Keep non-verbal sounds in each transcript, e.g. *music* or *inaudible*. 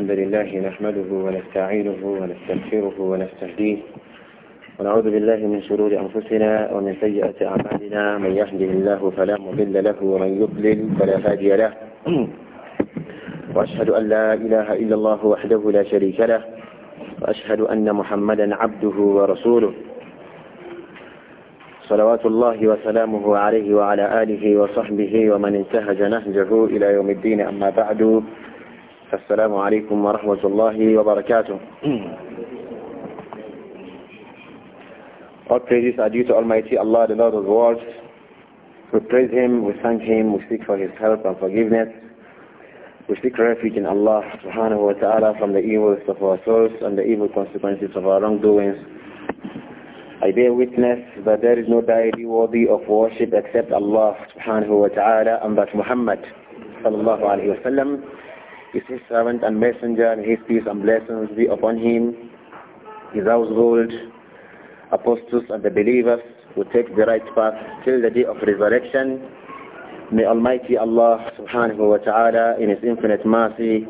الحمد لله نحمده ونستعينه ونستغفره ونستهديه ونعوذ بالله من شرور أنفسنا ومن سيئة أعمالنا من يهده الله فلا مضل له ومن يضلل فلا هادي له وأشهد أن لا إله إلا الله وحده لا شريك له وأشهد أن محمدا عبده ورسوله صلوات الله وسلامه عليه وعلى آله وصحبه ومن انتهج نهجه إلى يوم الدين أما بعد السلام عليكم ورحمة الله وبركاته All praises are due to Almighty Allah, the Lord of the world. We praise Him, we thank Him, we seek for His help and forgiveness. We seek refuge in Allah subhanahu wa ta'ala from the evils of our souls and the evil consequences of our wrongdoings. I bear witness that there is no deity worthy of worship except Allah subhanahu wa ta'ala and that Muhammad sallallahu alayhi wa sallam is his servant and messenger, and his peace and blessings be upon him, his household, apostles and the believers who take the right path till the day of resurrection. May Almighty Allah subhanahu wa ta'ala in his infinite mercy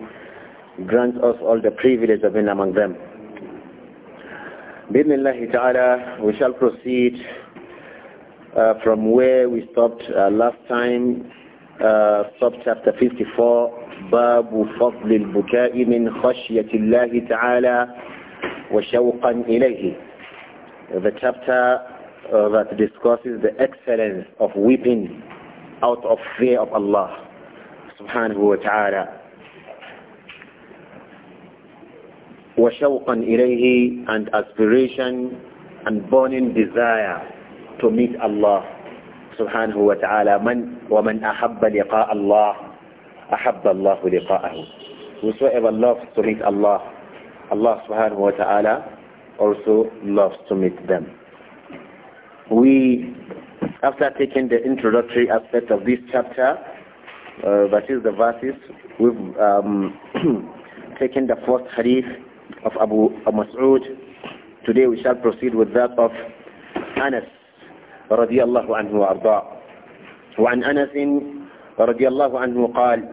grant us all the privilege of being among them. Bismillah ta'ala, we shall proceed uh, from where we stopped uh, last time uh, subchapter 54 باب فضل البكاء من خشية الله تعالى وشوقا إليه the chapter uh, that discusses the excellence of weeping out of fear of Allah subhanahu wa ta'ala وشوقا إليه and aspiration and burning desire to meet Allah subhanahu wa ta'ala man وَمَنْ أَحَبَّ لِقَاءَ اللَّهِ أَحَبَّ اللَّهُ لِقَاءَهُ Whosoever loves to meet Allah, Allah subhanahu wa ta'ala also loves to meet them. We, after taking the introductory aspect of this chapter, uh, that is the verses, we've um, *clears throat* taken the first hadith of Abu Mas'ud. Today we shall proceed with that of Anas رضي الله عنه وأرضاه وعن أنس رضي الله عنه قال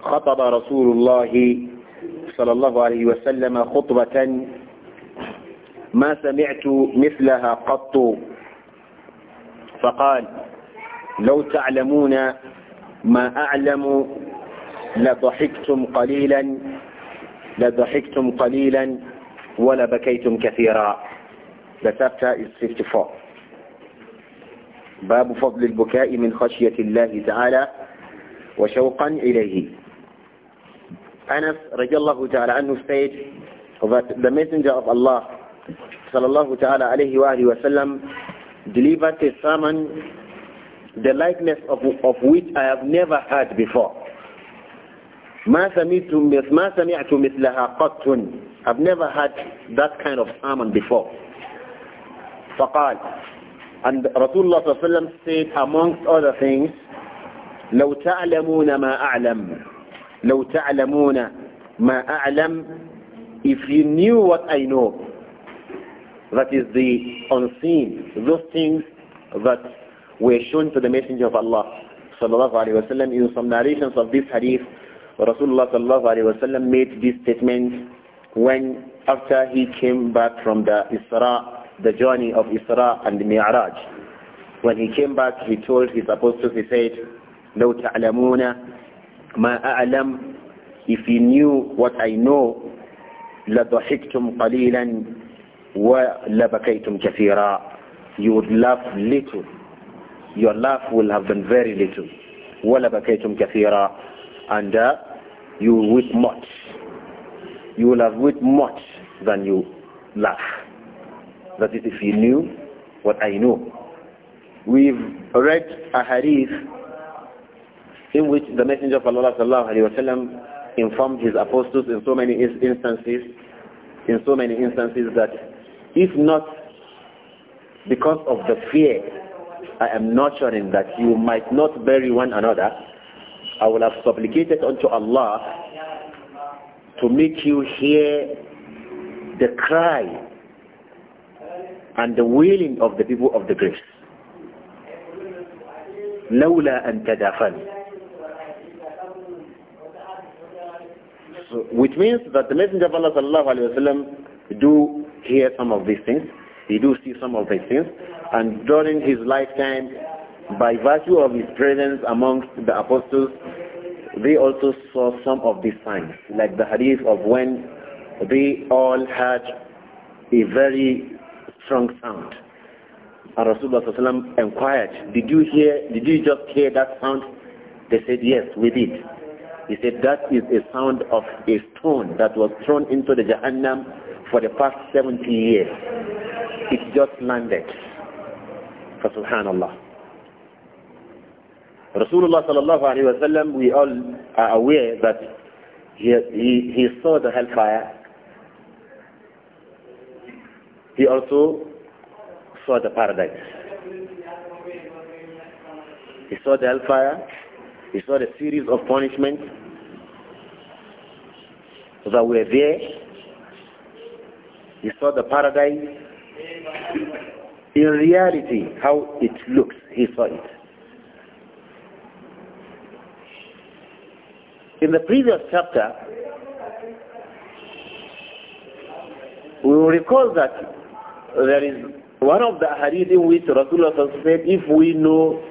خطب رسول الله صلى الله عليه وسلم خطبة ما سمعت مثلها قط فقال لو تعلمون ما أعلم لضحكتم قليلا لضحكتم قليلا ولا بكيتم كثيرا The chapter is 54 باب فضل البكاء من خشية الله تعالى وشوقا إليه أنس رضي الله تعالى عنه سيد the messenger of Allah صلى الله تعالى عليه وآله وسلم delivered a sermon the likeness of, of which I have never heard before. ما سمعت ما سمعت مثلها قط I've never heard that kind of sermon before. فقال And Rasulullah said, amongst other things, لو تعلمون ما أعلم لو تعلمون ما أعلم If you knew what I know, that is the unseen, those things that were shown to the Messenger of Allah sallallahu alayhi wa In some narrations of this hadith, Rasulullah sallallahu alayhi wa made this statement when after he came back from the Isra the journey of Isra and Mi'raj. When he came back, he told his apostles, he said, لو تعلمون ما أعلم If you knew what I know, لضحكتم قليلا ولبكيتم كثيرا You would laugh little. Your laugh will have been very little. ولبكيتم كثيرا And uh, you will weep much. You will have wept much than you laugh. That is if he knew what I know. We've read a hadith in which the Messenger of Allah وسلم, informed his apostles in so many instances, in so many instances that if not because of the fear I am nurturing that you might not bury one another, I will have supplicated unto Allah to make you hear the cry and the willing of the people of the graves. لولا أن تدافن so, which means that the Messenger of Allah sallallahu do hear some of these things, he do see some of these things, and during his lifetime, by virtue of his presence amongst the apostles, they also saw some of these signs, like the hadith of when they all had a very strong sound. And Rasulullah inquired, Did you hear, did you just hear that sound? They said, Yes, we did. He said, That is a sound of a stone that was thrown into the Jahannam for the past 70 years. It just landed. For subhanallah. Rasulullah sallallahu alayhi wa sallam, we all are aware that he, he, he saw the hellfire he also saw the paradise. He saw the hellfire. He saw the series of punishments that were there. He saw the paradise. In reality, how it looks, he saw it. In the previous chapter, we will recall that there is one of the hadith in which Rasulullah said, if we know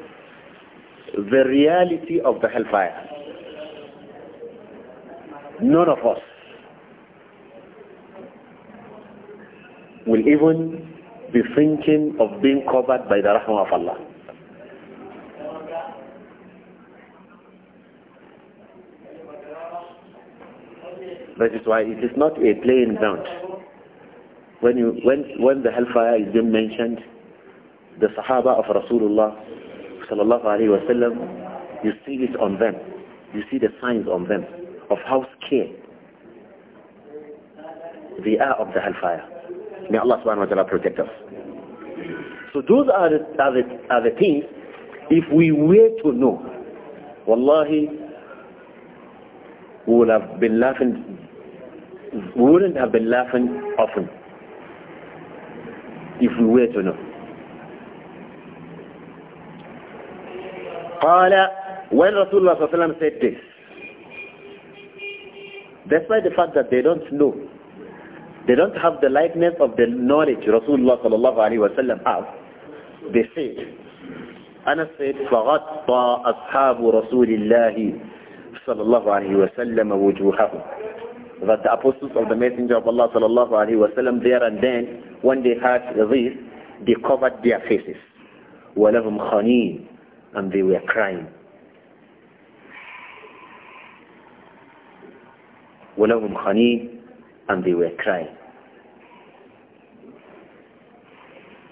the reality of the hellfire, none of us will even be thinking of being covered by the rahmah of Allah. That is why it is not a playing ground when, you, when, when the hellfire is being mentioned, the Sahaba of Rasulullah sallallahu alaihi wasallam, you see it on them. You see the signs on them of how scared they are of the hellfire. May Allah subhanahu wa ta'ala protect us. So those are the, are, the, are the things, if we were to know, wallahi, we would have been laughing, we wouldn't have been laughing often if we wait to know, Qala, when Rasulullah said this, despite the fact that they don't know, they don't have the likeness of the knowledge Rasulullah sallallahu alayhi wa sallam have, they said, Anas said, فَغَطَّى أَصْحَابُ رَسُولِ اللَّهِ صلى الله عليه وسلم وجوههم that the apostles of the messenger of Allah sallallahu alaihi wasallam there and then when they heard this, they covered their faces. وَلَهُمْ خَنِينَ And they were crying. وَلَهُمْ خَنِينَ And they were crying.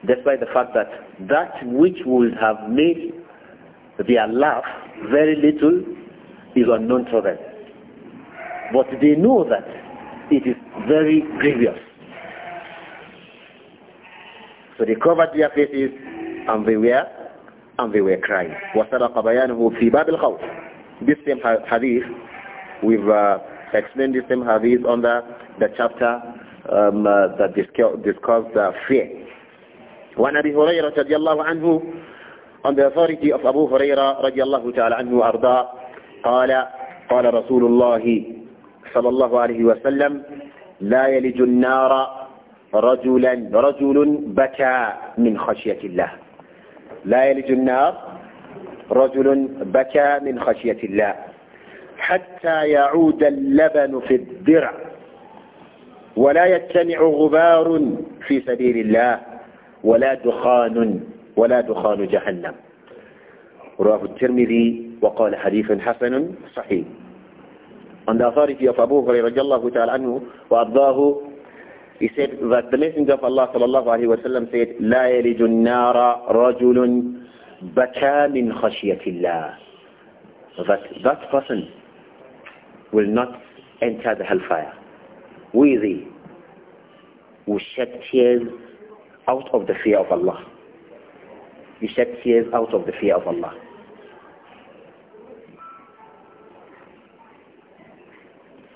Despite the fact that that which would have made their laugh very little is unknown to them. But they know that it is very grievous. So they covered their faces and they were and they were crying. وَسَرَقَ بَيَانُهُ فِي بَابِ الْخَوْفِ This same hadith, we've uh, explained this same hadith under the chapter um, uh, that discussed uh, fear. وعن أبي هريرة رضي الله عنه on the authority of Abu رضي الله تعالى عنه أرضاه قال قال رسول الله صلى الله عليه وسلم لا يلج النار رجلا رجل بكى من خشية الله لا يلج النار رجل بكى من خشية الله حتى يعود اللبن في الدرع ولا يجتمع غبار في سبيل الله ولا دخان ولا دخان جهنم رواه الترمذي وقال حديث حسن صحيح عند أثاره of رضي الله تعالى عنه وأرضاه He said that the Messenger of Allah sallallahu alayhi wa sallam said, لا يلج النار رجل بكى من خشية الله. That that person will not enter the hellfire. Weary who shed tears out of the fear of Allah. we shed tears out of the fear of Allah.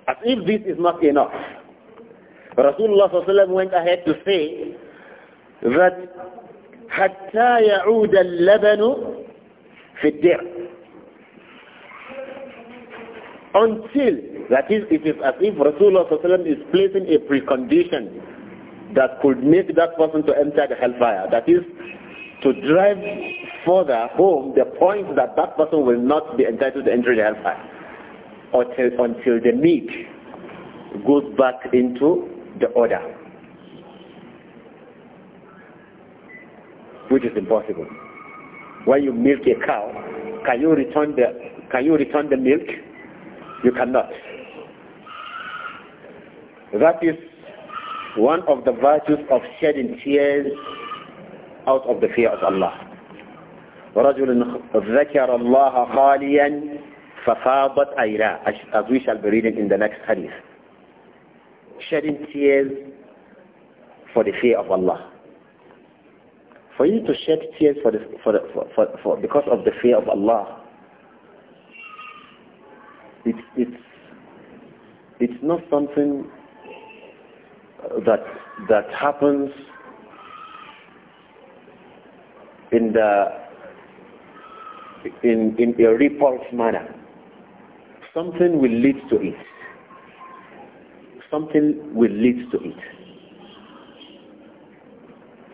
As if this is not enough, Rasulullah went ahead to say that حتى يعود اللبن في الدير until that is it is as if Rasulullah is placing a precondition that could make that person to enter the hellfire that is to drive further home the point that that person will not be entitled to enter the hellfire until, until the meat goes back into the order, which is impossible. When you milk a cow, can you return the, can you return the milk? You cannot. That is one of the virtues of shedding tears out of the fear of Allah. رجل ذكر الله خاليا ففاضت أيراه as we shall be reading in the next hadith shedding tears for the fear of Allah. For you to shed tears for the, for the, for, for, for, because of the fear of Allah, it's, it's, it's not something that, that happens in, the, in, in a repulsive manner. Something will lead to it something will lead to it.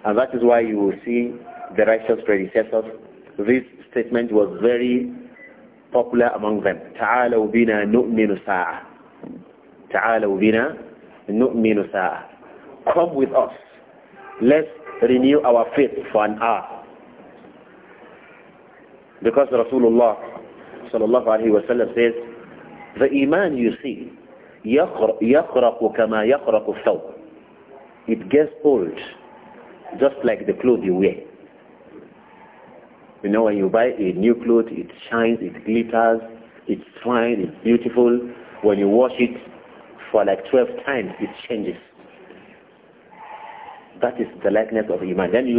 And that is why you will see the righteous predecessors. This statement was very popular among them. تعالوا بنا نؤمن ساعة. تعالوا بنا نؤمن ساعة. Come with us. Let's renew our faith for an hour. Because Rasulullah sallallahu alayhi wa sallam says, the iman you see يَقْرَقُ كَمَا يَقْرَقُ الثَّوْبُ It gets old, just like the clothes you wear. You know, when you buy a new cloth, it shines, it glitters, it's fine, it's beautiful. When you wash it for like 12 times, it changes. That is the likeness of Iman. Then you,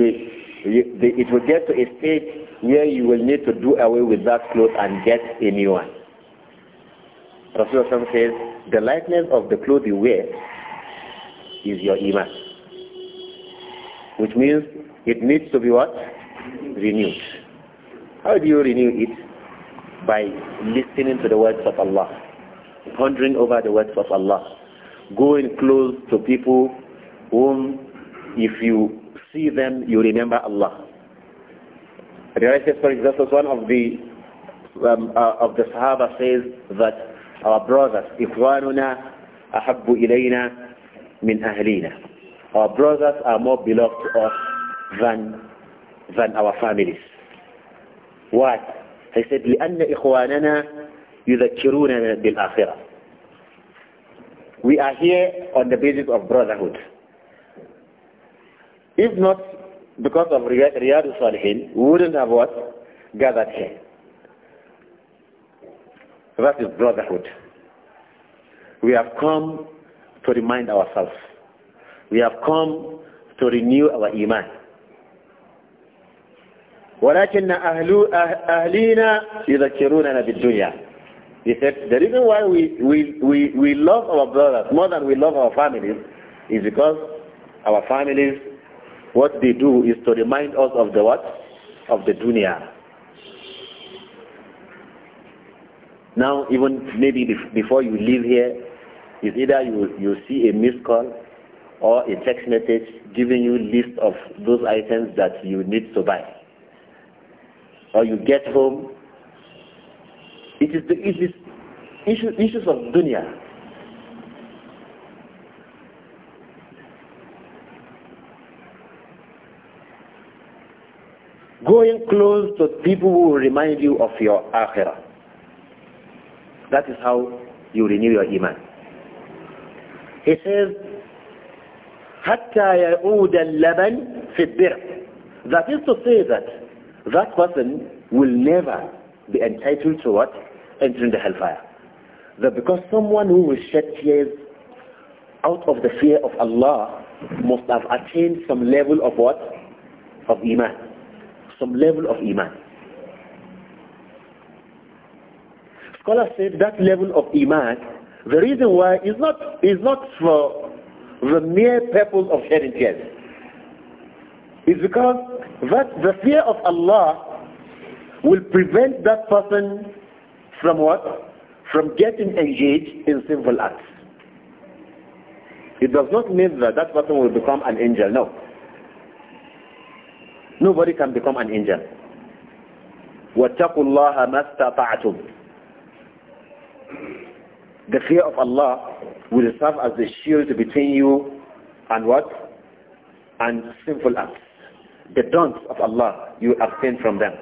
you, it will get to a stage where you will need to do away with that cloth and get a new one. Rasulullah says, the lightness of the clothes you wear is your iman. Which means it needs to be what? Renewed. How do you renew it? By listening to the words of Allah. Pondering over the words of Allah. Going close to people whom if you see them, you remember Allah. The for example, one of the um, uh, of the Sahaba says that our brothers إخواننا أحب إلينا من أهلنا our brothers are more beloved to us than than our families why he said لأن إخواننا يذكروننا بالآخرة we are here on the basis of brotherhood if not because of Riyadh Salihin we wouldn't have what gathered here So that is brotherhood. We have come to remind ourselves. We have come to renew our iman. ولكن أهل أهلينا يذكروننا بالدنيا. He said the reason why we, we, we, we love our brothers more than we love our families is because our families, what they do is to remind us of the what? Of the dunya. Now, even maybe before you leave here, is either you, you see a missed call or a text message giving you list of those items that you need to buy. Or you get home. It is the it is issue, issues of dunya. Going close to people who remind you of your akhirah. That is how you renew your iman. He says, حتى يعود اللبن في الدرع. That is to say that that person will never be entitled to what? Entering the hellfire. That because someone who will shed tears out of the fear of Allah must have attained some level of what? Of iman. Some level of iman. Scholars said that level of iman, the reason why is not, is not for the mere purpose of shedding tears. It's because that the fear of Allah will prevent that person from what? From getting engaged in sinful acts. It does not mean that that person will become an angel. No. Nobody can become an angel. وَاتَّقُوا اللَّهَ مَا اسْتَطَعْتُمْ the fear of Allah will serve as the shield between you and what? And sinful acts. The don'ts of Allah, you abstain from them.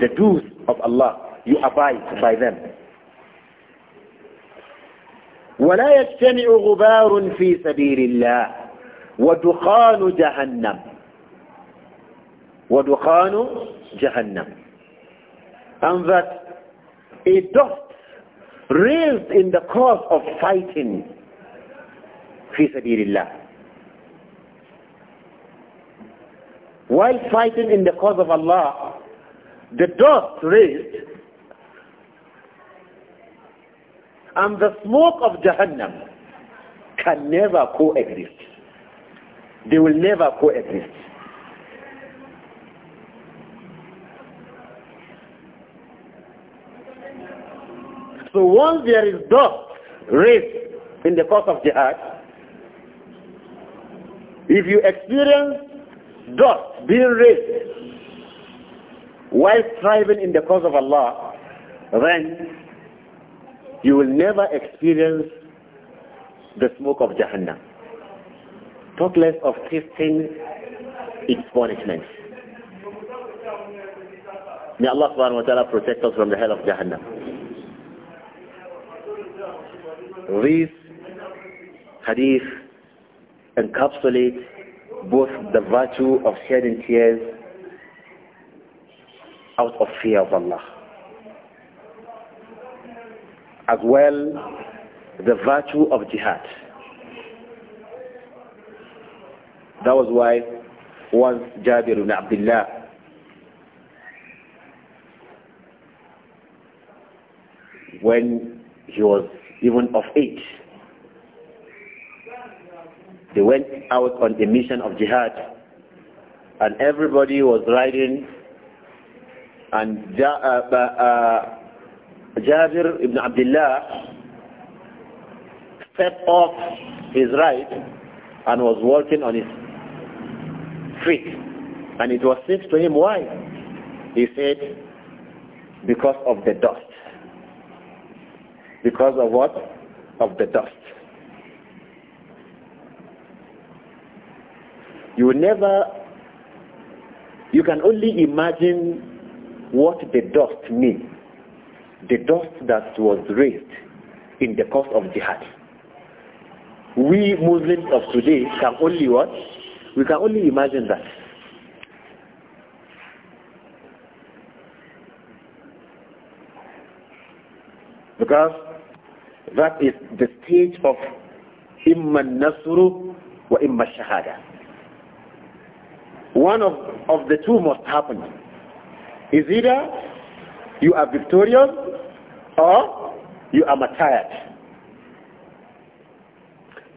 The do's of Allah, you abide by them. ولا يجتمع غبار في سبيل الله ودخان جهنم ودخان جهنم and that a dust raised in the cause of fighting fi sabilillah. While fighting in the cause of Allah, the dust raised and the smoke of Jahannam can never coexist. They will never coexist. So once there is dust raised in the cause of jihad, if you experience dust being raised while striving in the cause of Allah, then you will never experience the smoke of Jahannam. Talk less of tasting its punishment. May Allah subhanahu wa ta'ala protect us from the hell of Jahannam. This hadith encapsulates both the virtue of shedding tears out of fear of Allah, as well the virtue of jihad. That was why once Jabir ibn Abdullah when he was even of age. They went out on a mission of jihad and everybody was riding and ja uh, uh, uh, Jabir ibn Abdullah stepped off his ride and was walking on his feet. And it was said to him, why? He said, because of the dust. Because of what? Of the dust. You never, you can only imagine what the dust means. The dust that was raised in the cause of jihad. We Muslims of today can only what? We can only imagine that. Because that is the stage of imma nasru wa imma shahada. One of, of the two must happen. Is either you are victorious or you are martyred.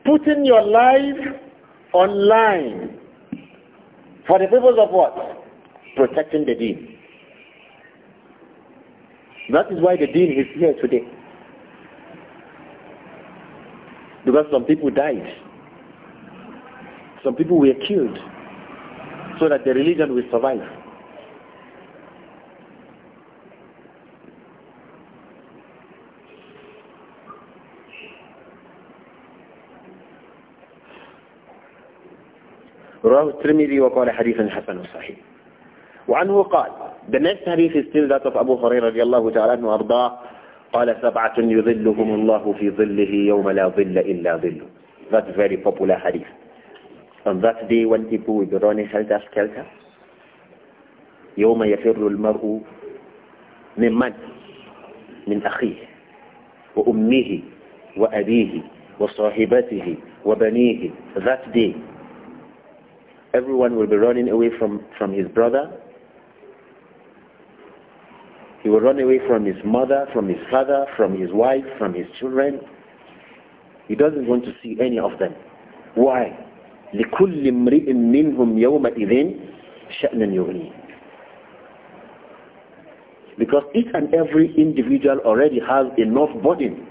Putting your life online for the purpose of what? Protecting the deen. That is why the deen is here today. Because some people died. Some people were killed so that the religion will survive. رواه الترمذي وقال حديث حسن صحيح وعنه قال the next hadith is still that of Abu Hurairah رضي الله تعالى عنه وأرضاه قال سبعة يظلهم الله في ظله يوم لا ظل إلا ظله That's very popular hadith. On that day when people will be running helter-skelter, يوم يفر المرء من من؟ من أخيه وأمه وأبيه وصاحبته وبنيه That day everyone will be running away from, from his brother He will run away from his mother, from his father, from his wife, from his children. He doesn't want to see any of them. Why? لكل منهم يومئذ because each and every individual already has enough burden.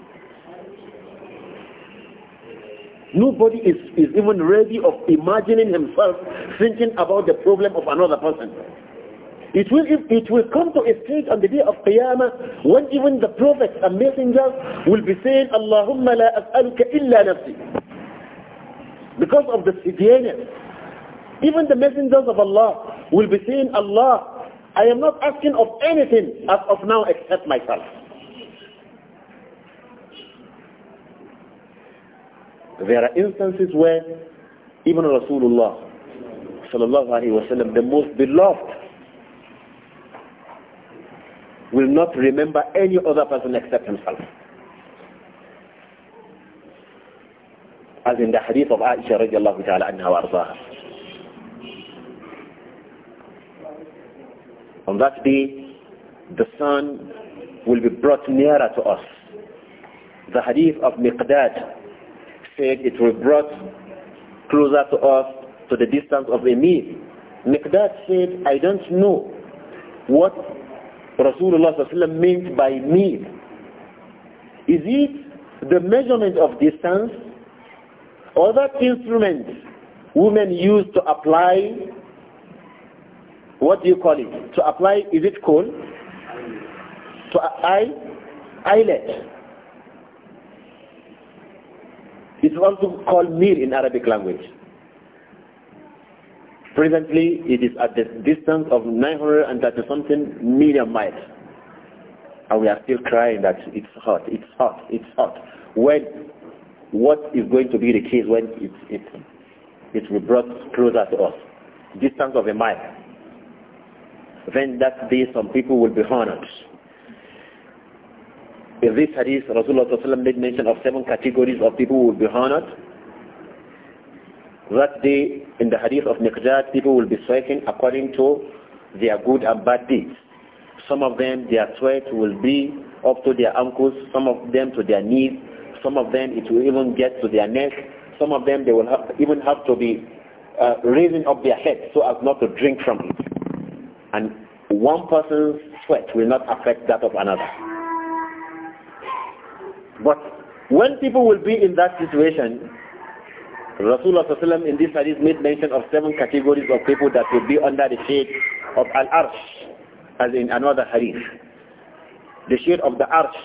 Nobody is, is even ready of imagining himself thinking about the problem of another person. It will, it will come to a stage on the day of Qiyamah when even the prophets and messengers will be saying, Allahumma la as'aluka illa nafsi. Because of the severeness. Even the messengers of Allah will be saying, Allah, I am not asking of anything as of now except myself. There are instances where even Rasulullah sallallahu alayhi wa sallam, the most beloved will not remember any other person except himself. As in the hadith of Aisha radiallahu ta'ala anha wa arzaha. On that day, the sun will be brought nearer to us. The hadith of Miqdad said it will be brought closer to us to the distance of a meal. Miqdad said, I don't know what Rasulullah means meant by meal? Is it the measurement of distance or that instrument women use to apply, what do you call it? To apply, is it called? To eye, eyelet. It's also called meal in Arabic language. Presently, it is at the distance of 930 something million miles. And we are still crying that it's hot, it's hot, it's hot. When, what is going to be the case when it, it, it will brought closer to us? Distance of a mile. Then that day some people will be honored. In this hadith, Rasulullah made mention of seven categories of people who will be honored. That day, in the hadith of Miqdad, people will be sweating according to their good and bad deeds. Some of them, their sweat will be up to their ankles, some of them to their knees, some of them it will even get to their neck, some of them they will have, even have to be uh, raising up their head so as not to drink from it. And one person's sweat will not affect that of another. But when people will be in that situation, Rasulullah in this hadith made mention of seven categories of people that will be under the shade of Al-Arsh, as in another hadith. The shade of the Arsh,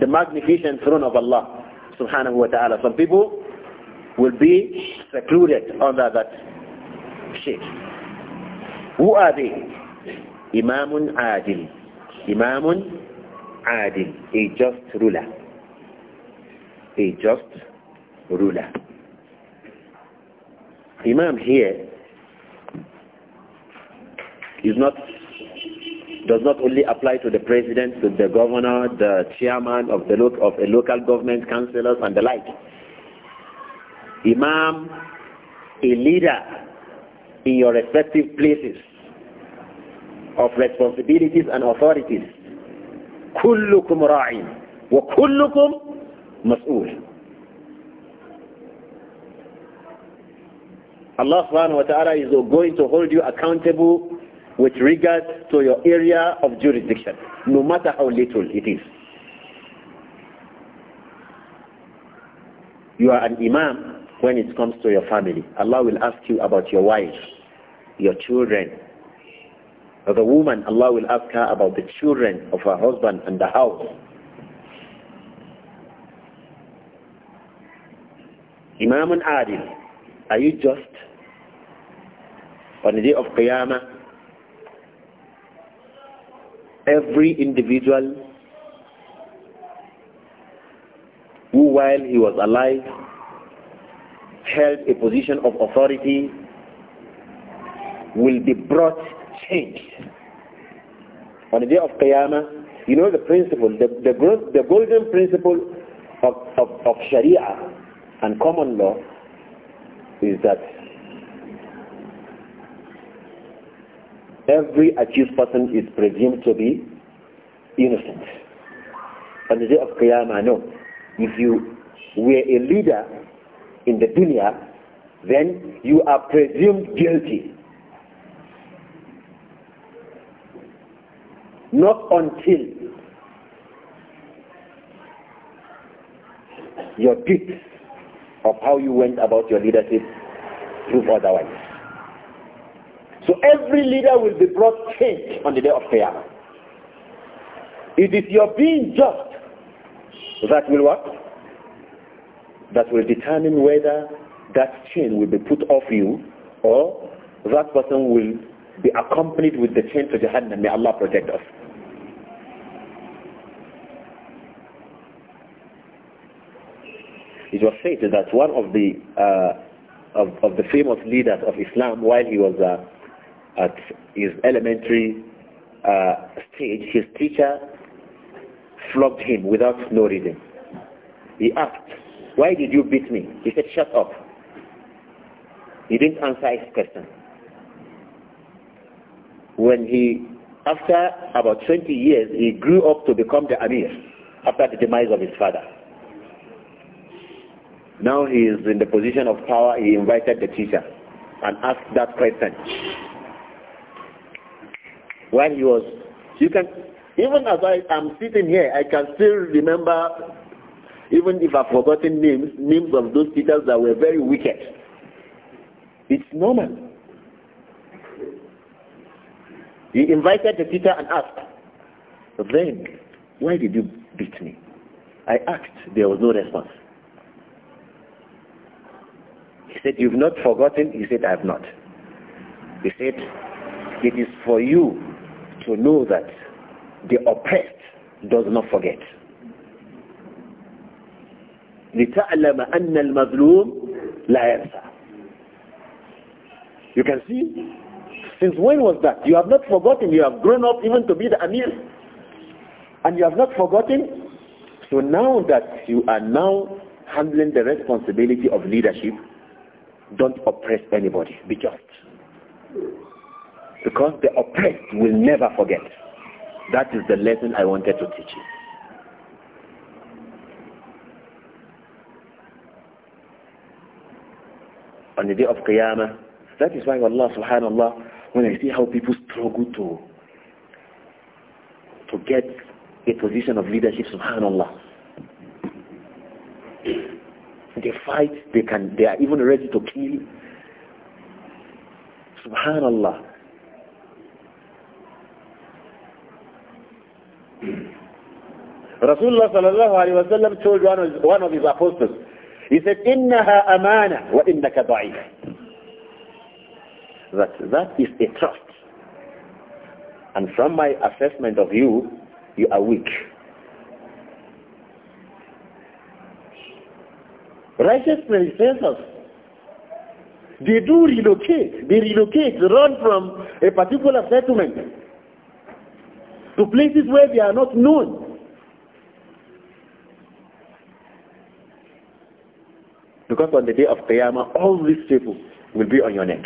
the magnificent throne of Allah subhanahu wa ta'ala. Some people will be secluded under that shade. Who are they? Imamun Adil. Imamun Adil, a just ruler. A just ruler. Imam here is not does not only apply to the president, to the governor, the chairman of the of a local government, councillors and the like. Imam, a leader in your respective places of responsibilities and authorities. كلكم راع وكلكم مسؤول Allah subhanahu wa ta'ala is going to hold you accountable with regard to your area of jurisdiction, no matter how little it is. You are an imam when it comes to your family. Allah will ask you about your wife, your children. Or the woman, Allah will ask her about the children of her husband and the house. Imam and Adil, are you just? on the day of Qiyamah, every individual who while he was alive held a position of authority will be brought changed. On the day of Qiyamah, you know the principle, the, the, the golden principle of, of, of Sharia and common law is that every accused person is presumed to be innocent. On the day of Qiyamah, no. If you were a leader in the dunya, then you are presumed guilty. Not until your deeds of how you went about your leadership prove otherwise. So every leader will be brought change on the day of prayer. It is your being just that will what? That will determine whether that chain will be put off you or that person will be accompanied with the chain to Jahannam. May Allah protect us. It was said that one of the uh, of, of, the famous leaders of Islam while he was uh, at his elementary uh, stage, his teacher flogged him without no reason. He asked, why did you beat me? He said, shut up. He didn't answer his question. When he, after about 20 years, he grew up to become the Amir after the demise of his father. Now he is in the position of power. He invited the teacher and asked that question. When he was, you can, even as I am sitting here, I can still remember, even if I've forgotten names, names of those teachers that were very wicked. It's normal. He invited the teacher and asked, then, why did you beat me? I asked, there was no response. He said, you've not forgotten? He said, I have not. He said, it is for you to know that the oppressed does not forget. لِتَعْلَمَ أَنَّ الْمَظْلُومِ لَا يَنْسَى You can see, since when was that? You have not forgotten, you have grown up even to be the Amir. And you have not forgotten. So now that you are now handling the responsibility of leadership, don't oppress anybody. Be just. Because the oppressed will never forget. That is the lesson I wanted to teach you. On the day of Qiyamah, that is why Allah subhanAllah, when I see how people struggle to to get a position of leadership, subhanAllah. They fight, they can they are even ready to kill. Subhanallah. Rasulullah sallallahu alayhi wa sallam told one of, one of his apostles, he said, إِنَّهَا أَمَانَةٌ وَإِنَّكَ ضَعِيفٌ That, that is a trust. And from my assessment of you, you are weak. Righteousness says us. They do relocate. They relocate, run from a particular settlement to places where they are not known. because on the day of Qiyamah, all these people will be on your neck.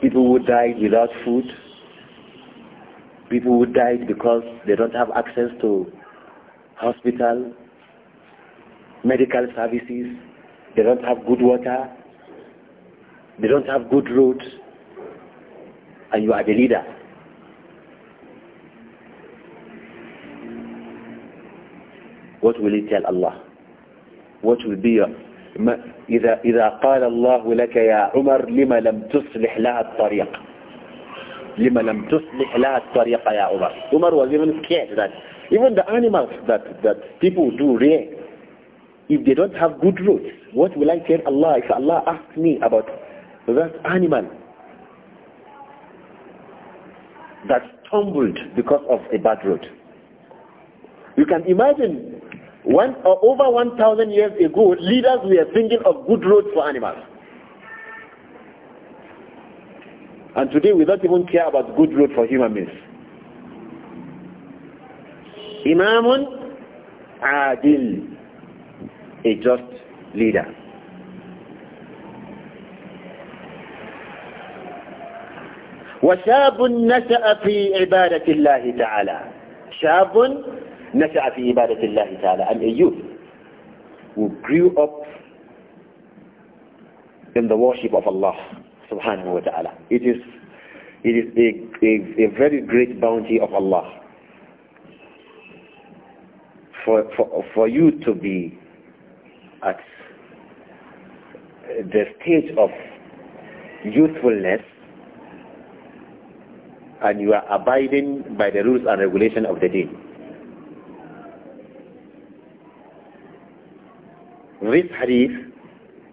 People who died without food, people who died because they don't have access to hospital, medical services, they don't have good water, they don't have good roads, أيها الجديدة What will you tell Allah? What will be your... إذا, إذا قال الله لك يا عمر لما لم تصلح لها الطريق لما لم تصلح لها الطريق يا عمر عمر was even scared that even the animals that, that people do rear if they don't have good roots what will I tell Allah if Allah asks me about that animal that stumbled because of a bad road. You can imagine one, uh, over 1,000 years ago, leaders were thinking of good roads for animals. And today we don't even care about good road for human beings. Imamun Adil, a just leader. وشاب نشأ في عبادة الله تعالى شاب نشأ في عبادة الله تعالى and a youth who grew up in the worship of Allah subhanahu wa ta'ala it is it is a, a, a very great bounty of Allah for, for, for you to be at the stage of youthfulness and you are abiding by the rules and regulation of the deen. This hadith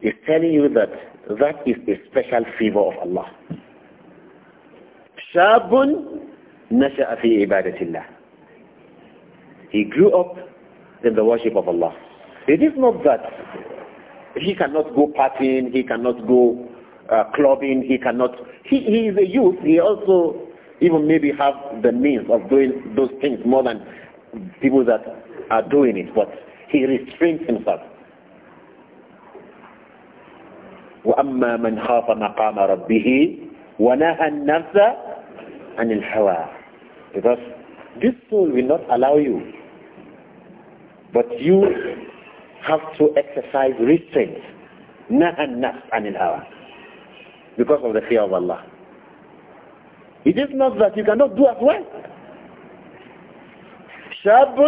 is telling you that that is a special favor of Allah. Shabun nasha'a fi ibadatillah. He grew up in the worship of Allah. It is not that he cannot go partying, he cannot go uh, clubbing, he cannot. He, he is a youth, he also even maybe have the means of doing those things more than people that are doing it, but he restrains himself. وأما من خاف مقام ربه ونهى النفس عن الهوى because this soul will not allow you but you have to exercise restraint نهى النفس عن الهوى because of the fear of Allah it is not that you cannot do as well. شاب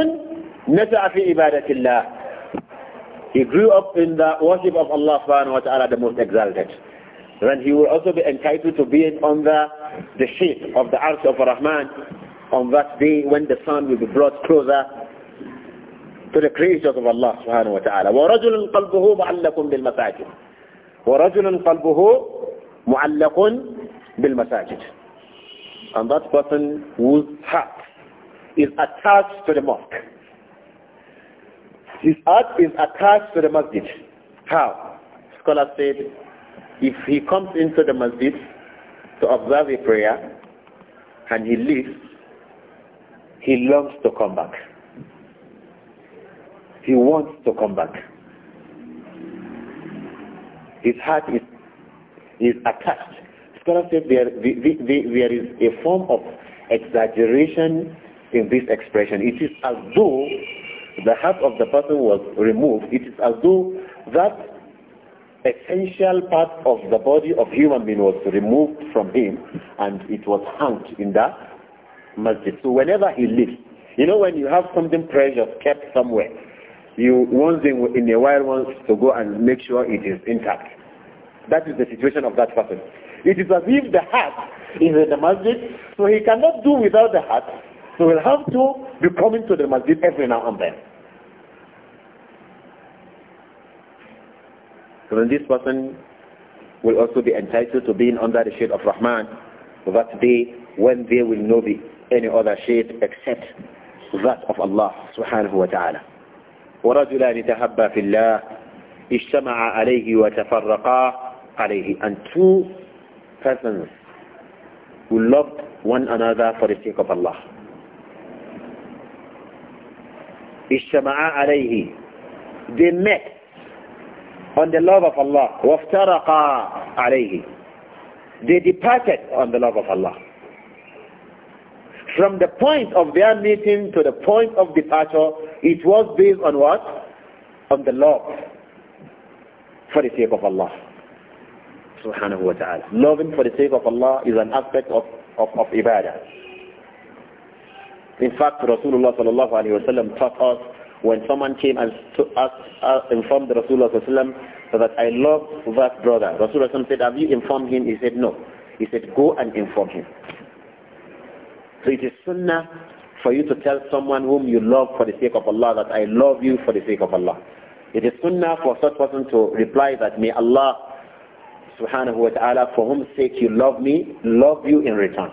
نشأ في عبادة الله. He grew up in the worship of Allah subhanahu wa ta'ala, the most exalted. Then he will also be entitled to being on the, the sheet of the arch of Rahman on that day when the sun will be brought closer to the creatures of Allah subhanahu wa ta'ala. وَرَجُلٌ قَلْبُهُ مُعَلَّقٌ بِالْمَسَاجِدِ وَرَجُلٌ قَلْبُهُ مُعَلَّقٌ بِالْمَسَاجِدِ and that person whose heart is attached to the mosque. His heart is attached to the masjid. How? Scholar said, if he comes into the masjid to observe a prayer and he leaves, he longs to come back. He wants to come back. His heart is, is attached Scholars say there, there is a form of exaggeration in this expression. It is as though the heart of the person was removed. It is as though that essential part of the body of human being was removed from him and it was hung in the masjid. So whenever he lives, you know when you have something precious kept somewhere, you once in, in a while want to go and make sure it is intact. That is the situation of that person. It is as if the heart is in the masjid, so he cannot do without the heart. So he'll have to be coming to the masjid every now and then. So then this person will also be entitled to being under the shade of Rahman that day when they will know the any other shade except that of Allah subhanahu wa ta'ala. ورجلان تَهَبَ في الله اجتمعا عليه وتفرقا عليه and two persons who loved one another for the sake of Allah. عليه they met on the love of Allah عليه they departed on the love of Allah from the point of their meeting to the point of departure it was based on what? on the love for the sake of Allah subhanahu wa ta'ala. Loving for the sake of Allah is an aspect of, of, of ibadah. In fact, Rasulullah sallallahu alayhi wa taught us when someone came and us, uh, informed Rasulullah sallallahu so that I love that brother. Rasulullah said, have you informed him? He said, no. He said, go and inform him. So it is sunnah for you to tell someone whom you love for the sake of Allah that I love you for the sake of Allah. It is sunnah for such person to reply that may Allah subhanahu wa ta'ala, for whom sake you love me, love you in return.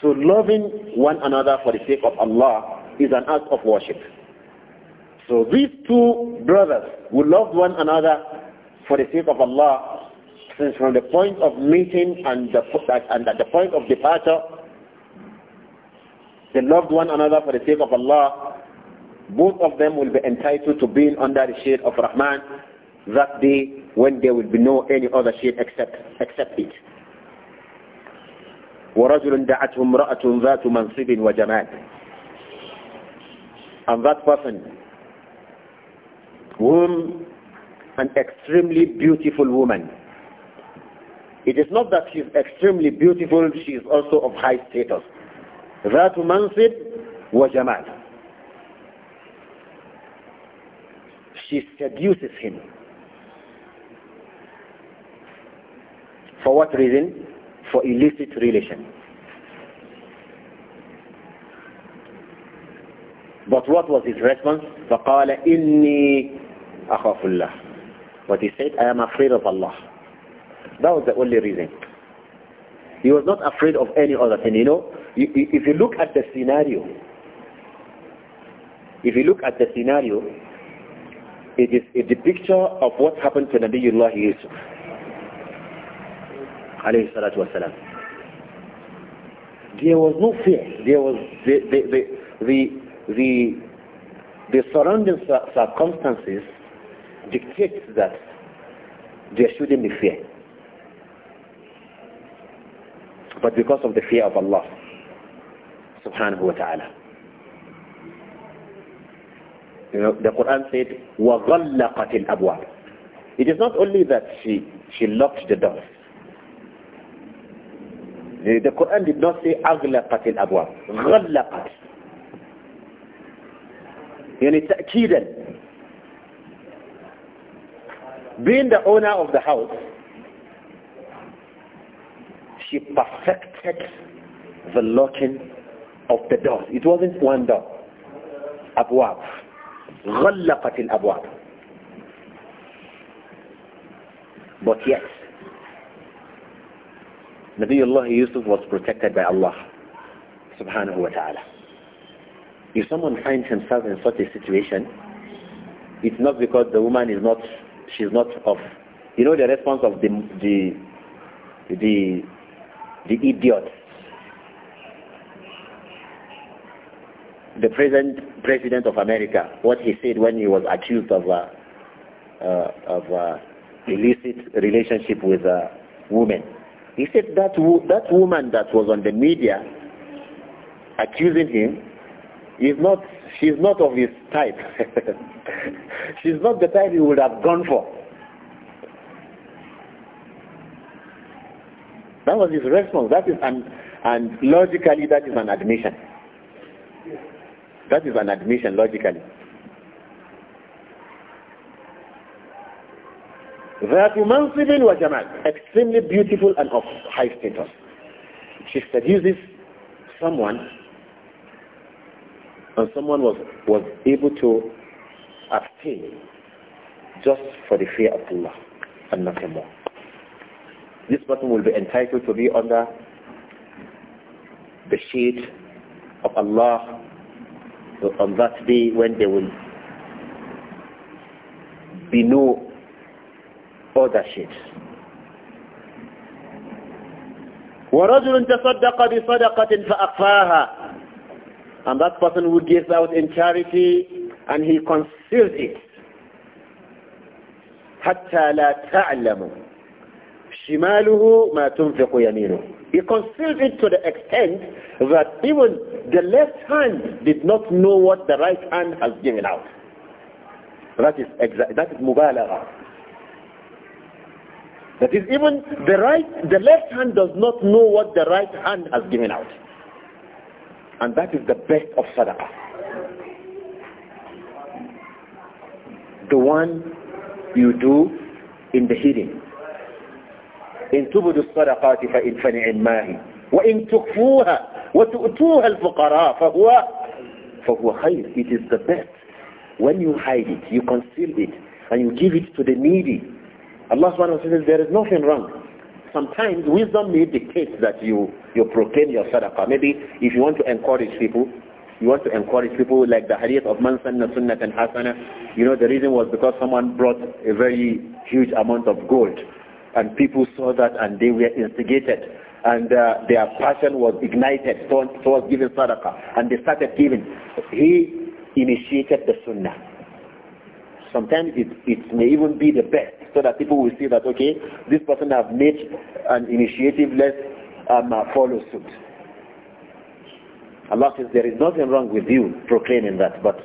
So loving one another for the sake of Allah is an act of worship. So these two brothers who loved one another for the sake of Allah, since from the point of meeting and, the, and at the point of departure, they loved one another for the sake of Allah, both of them will be entitled to being under the shade of Rahman that day when there will be no any other shade except except it. ورجل دعته امرأة ذات منصب وجمال and that person whom an extremely beautiful woman it is not that she is extremely beautiful she is also of high status ذات منصب وجمال she seduces him For what reason? For illicit relation. But what was his response? فَقَالَ إِنِّي أَخَافُ اللَّهِ What he said, I am afraid of Allah. That was the only reason. He was not afraid of any other thing. You know, if you look at the scenario, if you look at the scenario, it is, the picture of what happened to Nabiullah Yusuf. There was no fear. There was the, the, the, the, the, the surrounding circumstances dictates that there shouldn't be fear. But because of the fear of Allah subhanahu wa ta'ala. You know, the Quran said, وَغَلَّقَتِ الْأَبْوَابِ It is not only that she, she locked the doors. Eh, the, Quran did not say أغلقت الأبواب غلقت يعني تأكيدا being the owner of the house she perfected the locking of the door. it wasn't one door أبواب غلقت الأبواب but yet Nabiullah Yusuf was protected by Allah subhanahu wa ta'ala. If someone finds himself in such a situation, it's not because the woman is not, she's not of, you know the response of the, the, the, the idiot. The present president of America, what he said when he was accused of, a uh, uh, of a uh, illicit relationship with a uh, woman. He said that, wo that woman that was on the media accusing him is not, she's not of his type. *laughs* she's not the type he would have gone for. That was his response. That is and and logically that is an admission. That is an admission logically. ذات منصب وجمال extremely beautiful and of high status she seduces someone and someone was, was able to abstain just for the fear of Allah and nothing more this person will be entitled to be under the shade of Allah on that day when there will be no other shapes. ورجل تصدق بصدقة فأخفاها and that person who gives out in charity and he conceals it حتى لا تعلم شماله ما تنفق يمينه he conceals it to the extent that even the left hand did not know what the right hand has given out that is that is مبالغة that is even the right, the left hand does not know what the right hand has given out. And that is the best of sadaqah. The one you do in the hidden. إن تبدوا الصدقات فإن فنعماه وإن تكفوها وتؤتوها الفقراء فهو فهو خير. It is the best. When you hide it, you conceal it, and you give it to the needy, Allah subhanahu wa ta'ala says there is nothing wrong. Sometimes wisdom may dictate that you, you proclaim your sadaqah. Maybe if you want to encourage people, you want to encourage people like the hadith of man sanna sunnat and hasana. You know, the reason was because someone brought a very huge amount of gold and people saw that and they were instigated and uh, their passion was ignited towards, giving sadaqah and they started giving. He initiated the sunnah. Sometimes it, it may even be the best so that people will see that, okay, this person have made an initiative, let's um, uh, follow suit. Allah says, there is nothing wrong with you proclaiming that, but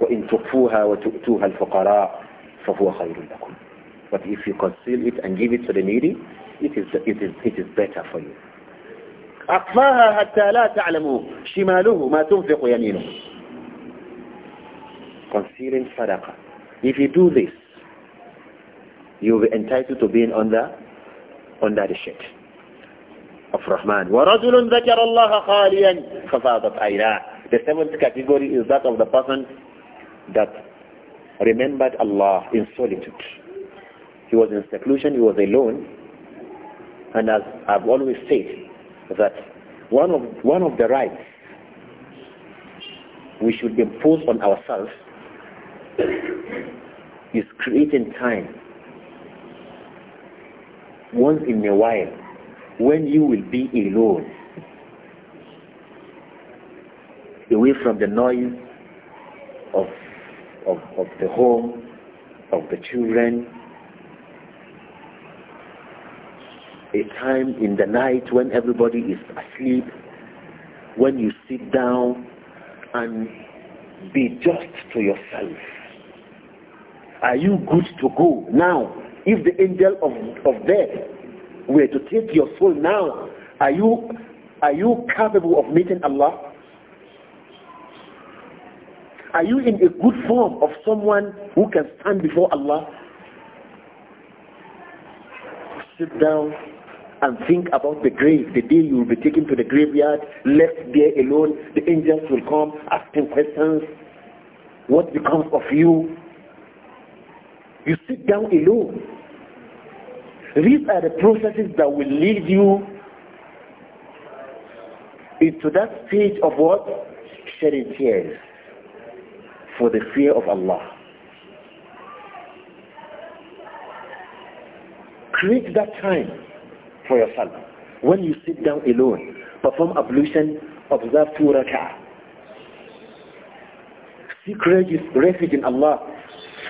وَإِن وَتُؤْتُوهَا فَهُوَ خَيْرٌ لَكُمْ But if you conceal it and give it to the needy, it is, it is, it is better for you. أَقْفَاهَا حَتَّى لَا تَعْلَمُوا شِمَالُهُ مَا تُنْفِقُ يَمِينُهُ Concealing sadaqah. If you do this, you'll be entitled to being under under the shade of Rahman. وَرَجُلٌ ذَكَرَ اللَّهَ خَالِيًا The seventh category is that of the person that remembered Allah in solitude. He was in seclusion, he was alone. And as I've always said, that one of, one of the rights we should impose on ourselves is creating time once in a while when you will be alone, away from the noise of, of, of the home, of the children, a time in the night when everybody is asleep, when you sit down and be just to yourself. Are you good to go now? if the angel of, of death were to take your soul now, are you, are you capable of meeting Allah? Are you in a good form of someone who can stand before Allah? Sit down and think about the grave, the day you will be taken to the graveyard, left there alone, the angels will come asking questions. What becomes of you? You sit down alone. These are the processes that will lead you into that stage of what? Shedding tears for the fear of Allah. Create that time for yourself. When you sit down alone, perform ablution, observe two rak'ah. Seek refuge in Allah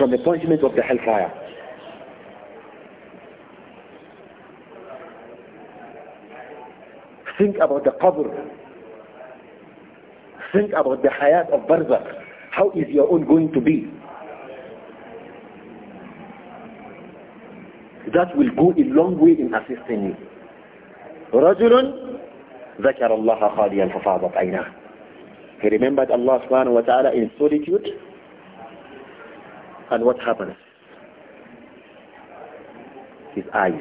from the punishment of the hellfire. Think about the qabr. Think about the hayat of barzakh. How is your own going to be? That will go a long way in assisting you. رجل ذكر الله خاليا ففاضت عيناه He remembered Allah subhanahu wa ta'ala in solitude and what happens? His eyes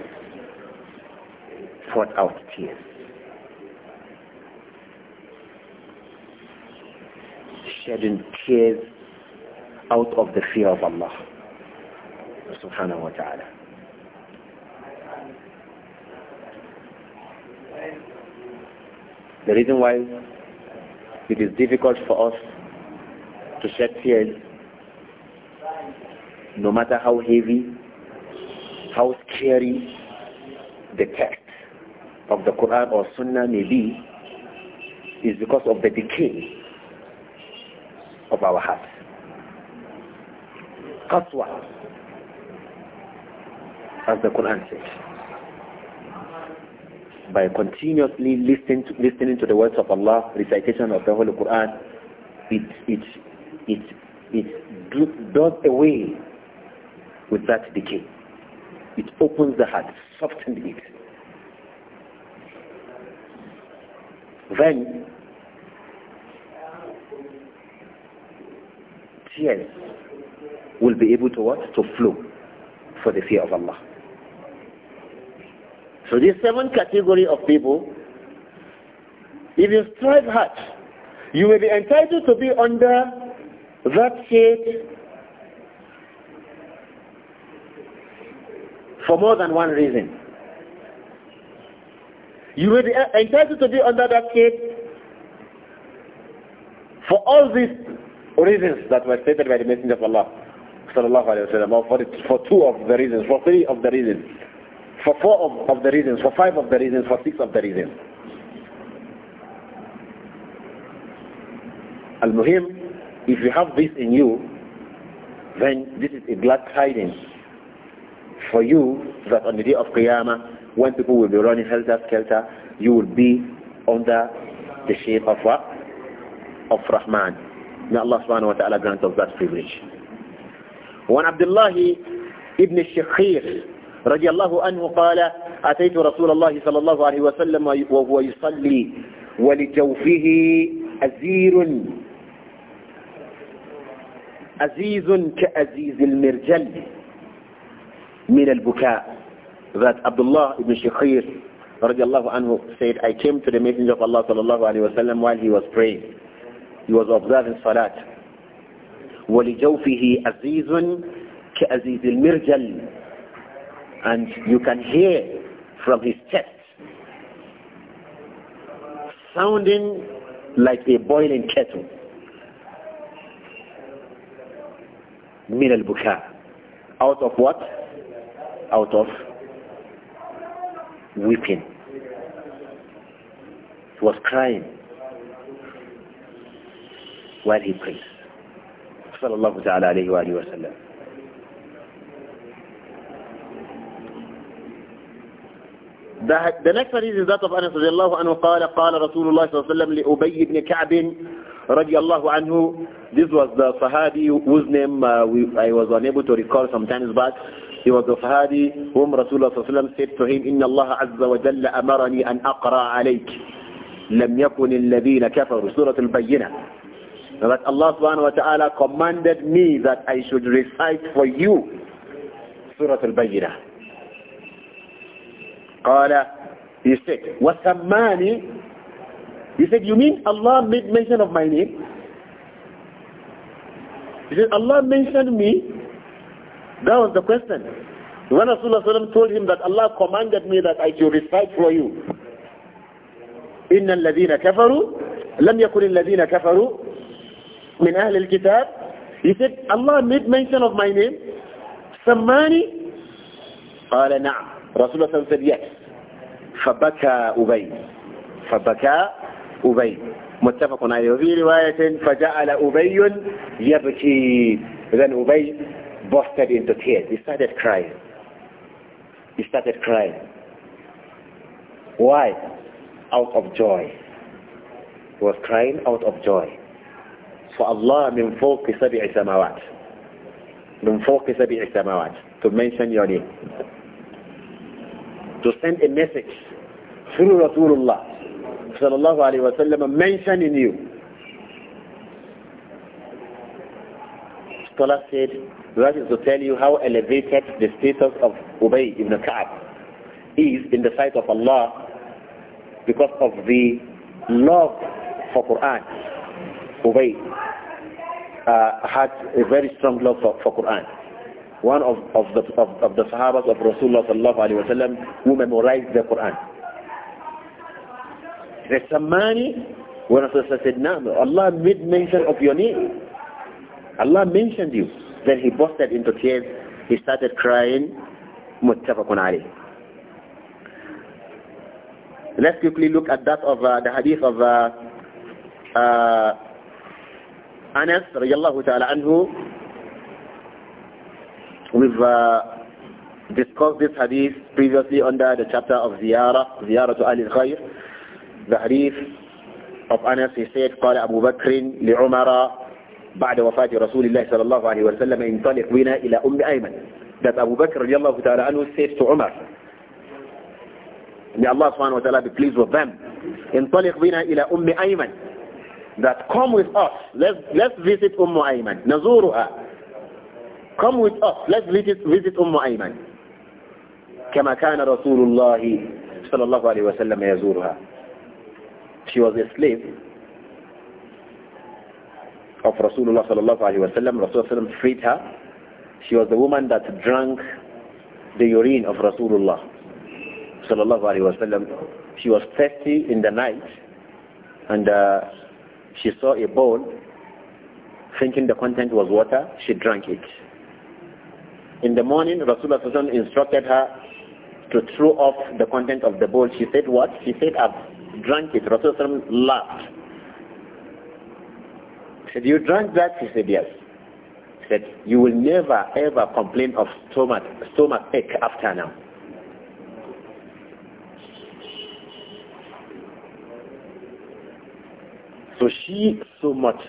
poured out tears. Shedding tears out of the fear of Allah subhanahu wa ta'ala. The reason why it is difficult for us to shed tears no matter how heavy, how scary the text of the Quran or Sunnah may be, is because of the decay of our hearts. Qaswa, as the Quran says. By continuously listening to, listening to the words of Allah, recitation of the Holy Quran, it, it, it, it does away with that decay. It opens the heart, softens it. Then, tears will be able to what? To flow for the fear of Allah. So these seven category of people, if you strive hard, you will be entitled to be under that shade for more than one reason. You will be entitled to be under that cape for all these reasons that were stated by the Messenger of Allah sallallahu alayhi wa sallam, or for, the, for two of the reasons, for three of the reasons, for four of, of the reasons, for five of the reasons, for six of the reasons. Al-Muhim, if you have this in you, then this is a glad tidings for you that on the day of Qiyamah, when people will be running helter-skelter, you will be under the shape of what? Of Rahman. May Allah subhanahu wa ta'ala grant us that privilege. وعن عبد الله ابن الشخير رضي الله عنه قال أتيت رسول الله صلى الله عليه وسلم وهو يصلي ولجوفه أزير أزيز كأزيز المرجل من البكاء that Abdullah ibn Shikhir radiallahu anhu said, I came to the Messenger of Allah sallallahu alayhi wasallam while he was praying. He was observing salat. وَلِجَوْفِهِ أَزِيزٌ كَأَزِيزِ الْمِرْجَلِ And you can hear from his chest sounding like a boiling kettle. من البكاء out of what? out of weeping. He was crying while he prays. Sallallahu ta'ala alayhi wa sallam. The, the next hadith is that of Anas رضي الله عنه قال قال رسول الله صلى الله عليه وسلم لأبي بن كعب رضي الله عنه This was the Sahabi whose name uh, we, I was unable to recall some times back He was of Hadi whom الله ﷺ said to him, إن الله عز وجل أمرني أن أقرأ عليك لم يكن الذين كفروا سورة البينة that Allah subhanahu wa ta'ala commanded me that I should recite for you سورة البينة قال he said وسماني he said you mean Allah made mention of my name he said Allah mentioned me That was the question. When Rasulullah told him that Allah commanded me that I should recite for you. إن الذين كفروا لم يكن الذين كفروا من أهل الكتاب He said, Allah made mention of my name. سماني قال نعم Rasulullah said yes فبكى أبي فبكى أبي متفق عليه وفي رواية فجعل أبي يبكي إذن أبي Bursted into tears. He started crying. He started crying. Why? Out of joy. He was crying out of joy. For Allah min fawqi sab'i samawat. Min fawqi samawat. To mention your name. To send a message through Rasulullah sallallahu alayhi wa sallam mentioning you. Scholar said that is to tell you how elevated the status of Ubay ibn Ka'ab is in the sight of Allah because of the love for Quran. Ubay uh, had a very strong love for, for Quran. One of, of, the, of, of the Sahabas of Rasulullah sallallahu alayhi wa who memorized the Quran. There's some money when Rasulullah said, Allah made mention of your name. Allah mentioned you. Then he busted into tears. He started crying. Muttafaqun alayh. Let's quickly look at that of uh, the hadith of uh, uh, Anas radiallahu ta'ala anhu. We've uh, discussed this hadith previously under the chapter of Ziyarah, Ziyarah to Ali al The hadith of Anas, he said, قال أبو بكر لعمر بعد وفاة رسول الله صلى الله عليه وسلم انطلق بنا إلى أم أيمن ذات أبو بكر رضي الله تعالى عنه سيفت عمر إن الله سبحانه وتعالى بليز with them انطلق بنا إلى أم أيمن that come with us let's, let's visit أم أيمن نزورها come with us let's visit, visit أم أيمن كما كان رسول الله صلى الله عليه وسلم يزورها she was a slave of Rasulullah sallallahu alaihi wasallam. Rasulullah freed her. She was the woman that drank the urine of Rasulullah sallallahu alaihi wasallam. She was thirsty in the night, and uh, she saw a bowl. Thinking the content was water, she drank it. In the morning, Rasulullah sallallahu instructed her to throw off the content of the bowl. She said, "What?" She said, "I've drank it." Rasulullah laughed said, you drank that? He said, yes. He said, you will never ever complain of stomach, stomach ache after now. So she so much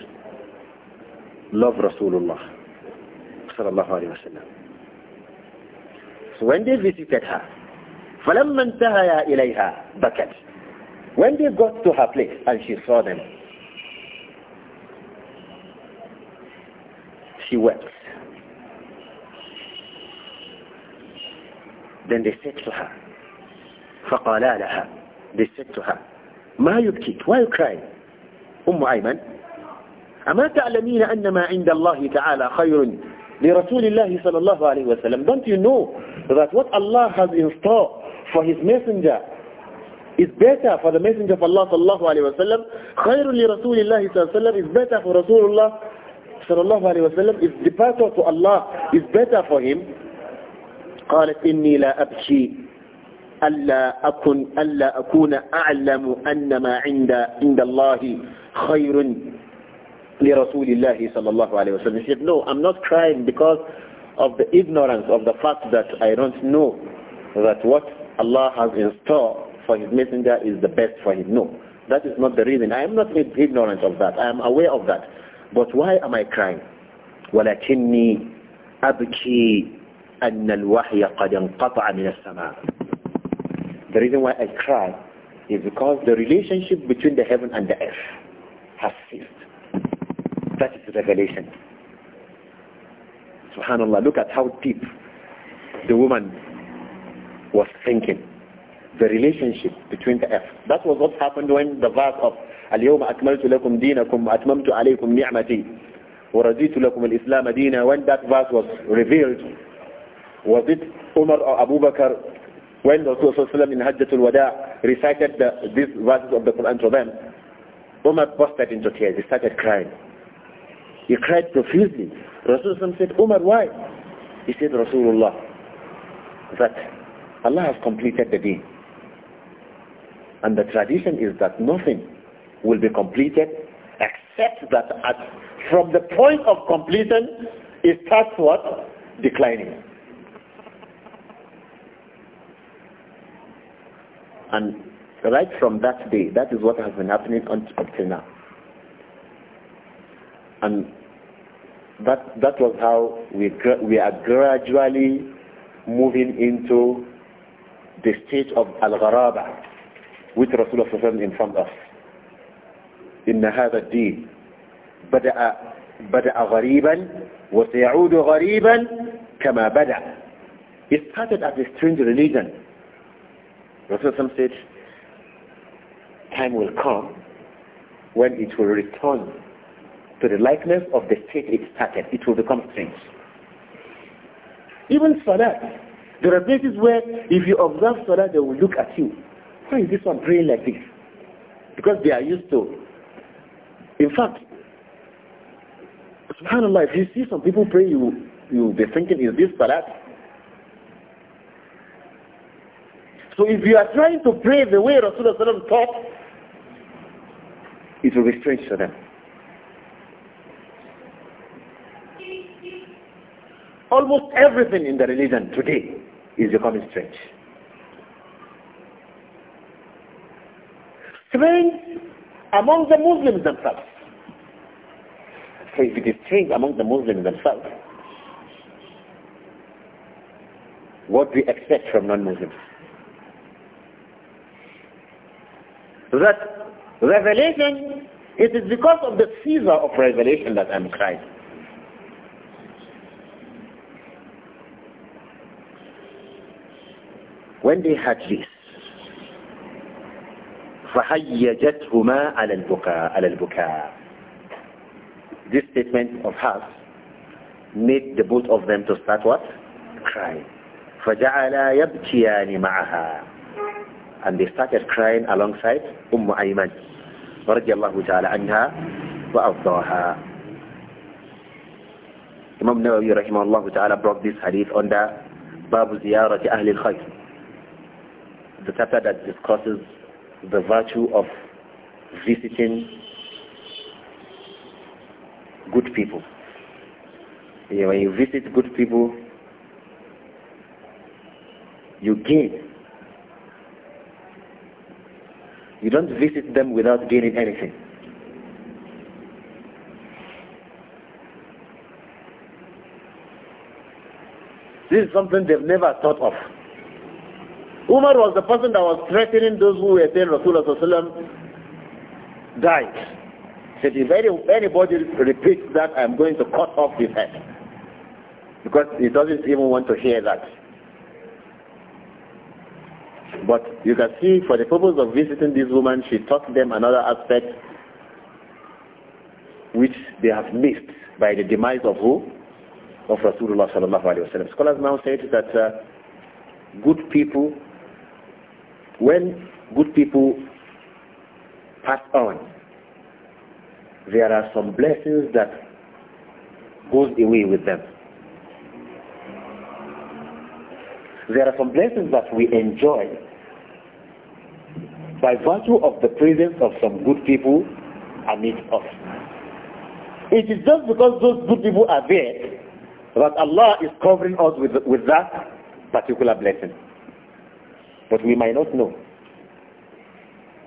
loved Rasulullah sallallahu alayhi wa sallam. So when they visited her, فَلَمَّا انْتَهَيَا إِلَيْهَا بَكَتْ When they got to her place and she saw them, She wept. Then they said to her, فَقَالَا لَهَا They said to her, مَا يُبْكِيكَ Why are you crying? أم أيمن أما تعلمين أن ما عند الله تعالى خير لرسول الله صلى الله عليه وسلم Don't you know that what Allah has in store for his messenger is better for the messenger of Allah صلى الله عليه وسلم خير لرسول الله صلى الله عليه وسلم is better for رسول الله sallallahu alayhi wa sallam, his departure to Allah is better for him. قالت إني لا أبكي ألا أكون ألا أكون أعلم أن ما عند عند الله خير لرسول الله صلى الله عليه وسلم. She said, no, I'm not crying because of the ignorance of the fact that I don't know that what Allah has in store for His messenger is the best for him. No, that is not the reason. I am not ignorant of that. I am aware of that. But why am I crying? ولكني أبكي أن الوحي قد انقطع من السماء. The reason why I cry is because the relationship between the heaven and the earth has ceased. That is revelation. Subhanallah, look at how deep the woman was thinking the relationship between the F. That was what happened when the verse of اليوم أكملت لكم دينكم وأتممت عليكم نعمتي ورضيت لكم الإسلام دينا when that verse was revealed was it Umar or Abu Bakr when Rasulullah in Hajjatul Wada recited the, these verses of the Quran to them Umar busted into tears he started crying he cried profusely Rasulullah said Umar why he said Rasulullah that Allah has completed the deen and the tradition is that nothing will be completed except that at, from the point of completion, it starts what? Declining. And right from that day, that is what has been happening until now. And that, that was how we, we are gradually moving into the state of al-gharaba, with Rasulullah ﷺ informed us. إن هذا الدين بدأ بدأ غريبا وسيعود غريبا كما بدأ. It started as a strange religion. Rasulullah said, time will come when it will return to the likeness of the state it started. It will become strange. Even Salah, there are places where if you observe Salah, they will look at you why is this one praying like this? Because they are used to. In fact, subhanAllah, if you see some people pray, you, you'll be thinking, is this salat? So if you are trying to pray the way Rasulullah taught, it will be strange to them. Almost everything in the religion today is becoming strange. strange among the Muslims themselves. So if it is strange among the Muslims themselves, what we expect from non-Muslims. That revelation, it is because of the Caesar of revelation that I'm crying. When they had this, فحيجتهما على البكاء على البكاء This statement of hers made the both of them to start what? Crying. فجعلا يبكيان معها and they started crying alongside أم أيمن رضي الله تعالى عنها وأرضاها Imam Nawawi rahimahullah الله brought this hadith under باب زيارة أهل khayr the chapter that discusses the virtue of visiting good people. when you visit good people, you gain. You don't visit them without gaining anything. This is something they've never thought of. Umar was the person that was threatening those who were saying Rasulullah died. Said if any, anybody repeats that, I'm going to cut off his head. Because he doesn't even want to hear that. But you can see for the purpose of visiting this woman, she taught them another aspect which they have missed by the demise of who? Of Rasulullah sallallahu Alaihi Wasallam. Scholars now say that uh, good people when good people pass on, there are some blessings that goes away with them. There are some blessings that we enjoy by virtue of the presence of some good people amidst us. It is just because those good people are there that Allah is covering us with, with that particular blessing. But we might not know.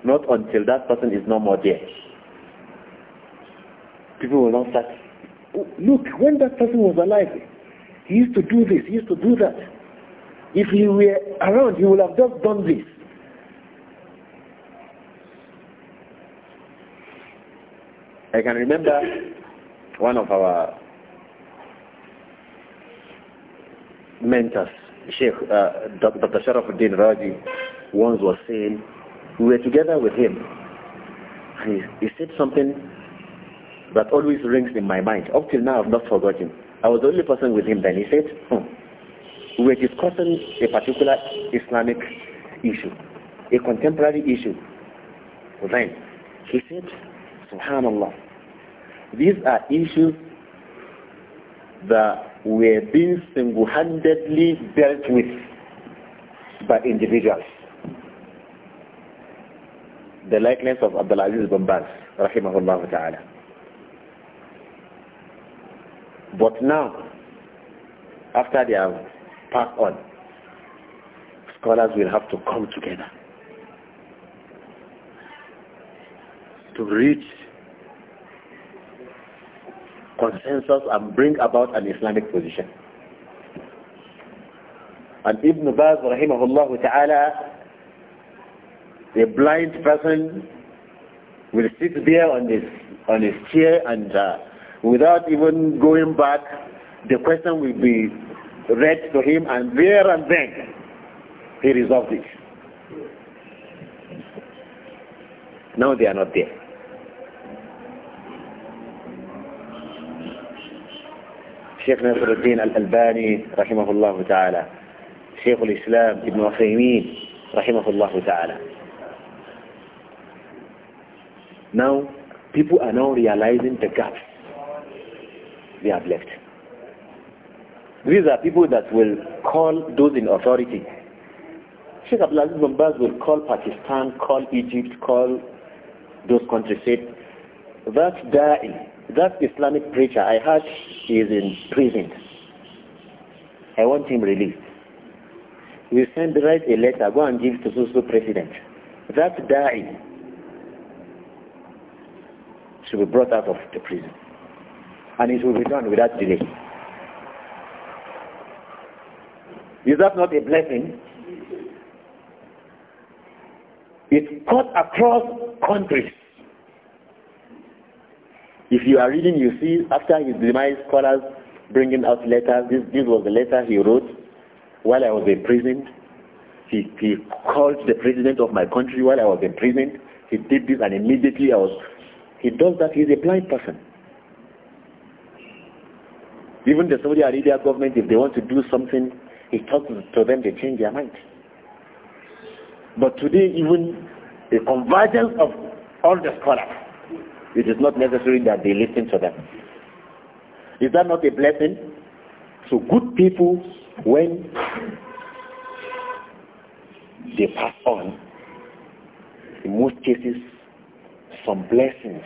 Not until that person is no more there. People will not start. Oh, look, when that person was alive, he used to do this, he used to do that. If he were around, he would have just done this. I can remember one of our mentors Sheikh uh, Dr. Sharafuddin Raji once was saying, we were together with him. He, he said something that always rings in my mind. Up till now, I've not forgotten. I was the only person with him then. He said, hmm. we were discussing a particular Islamic issue, a contemporary issue. Then he said, subhanallah, these are issues that were being single-handedly dealt with by individuals. The likeness of Abdulaziz bin Baz, rahimahullah ta'ala. But now, after they have passed on, scholars will have to come together to reach consensus and bring about an Islamic position. And Ibn Baz, rahimahullah ta'ala, a blind person will sit there on his, on his chair and uh, without even going back, the question will be read to him and there and then he resolved it. Now they are not there. الشيخ ناصر الدين الألباني رحمه الله تعالى شيخ الإسلام ابن عثيمين رحمه الله تعالى Now, people are now realizing the gaps they have left. These are people that will call those in authority. Sheikh Abdulaziz Bombaz will call Pakistan, call Egypt, call those countries, say, dying. that Islamic preacher, I heard is in prison. I want him released. You send write a letter, go and give to Susu president. That guy should be brought out of the prison. And it will be done without delay. Is that not a blessing? It's cut across countries. If you are reading, you see after his demise, scholars bringing out letters. This, this was the letter he wrote while I was prison. He, he called the president of my country while I was in prison. He did this and immediately I was... He does that. He's a blind person. Even the Saudi Arabia government, if they want to do something, he talks to them, they change their mind. But today, even the convergence of all the scholars it is not necessary that they listen to them. Is that not a blessing? So good people, when they pass on, in most cases, some blessings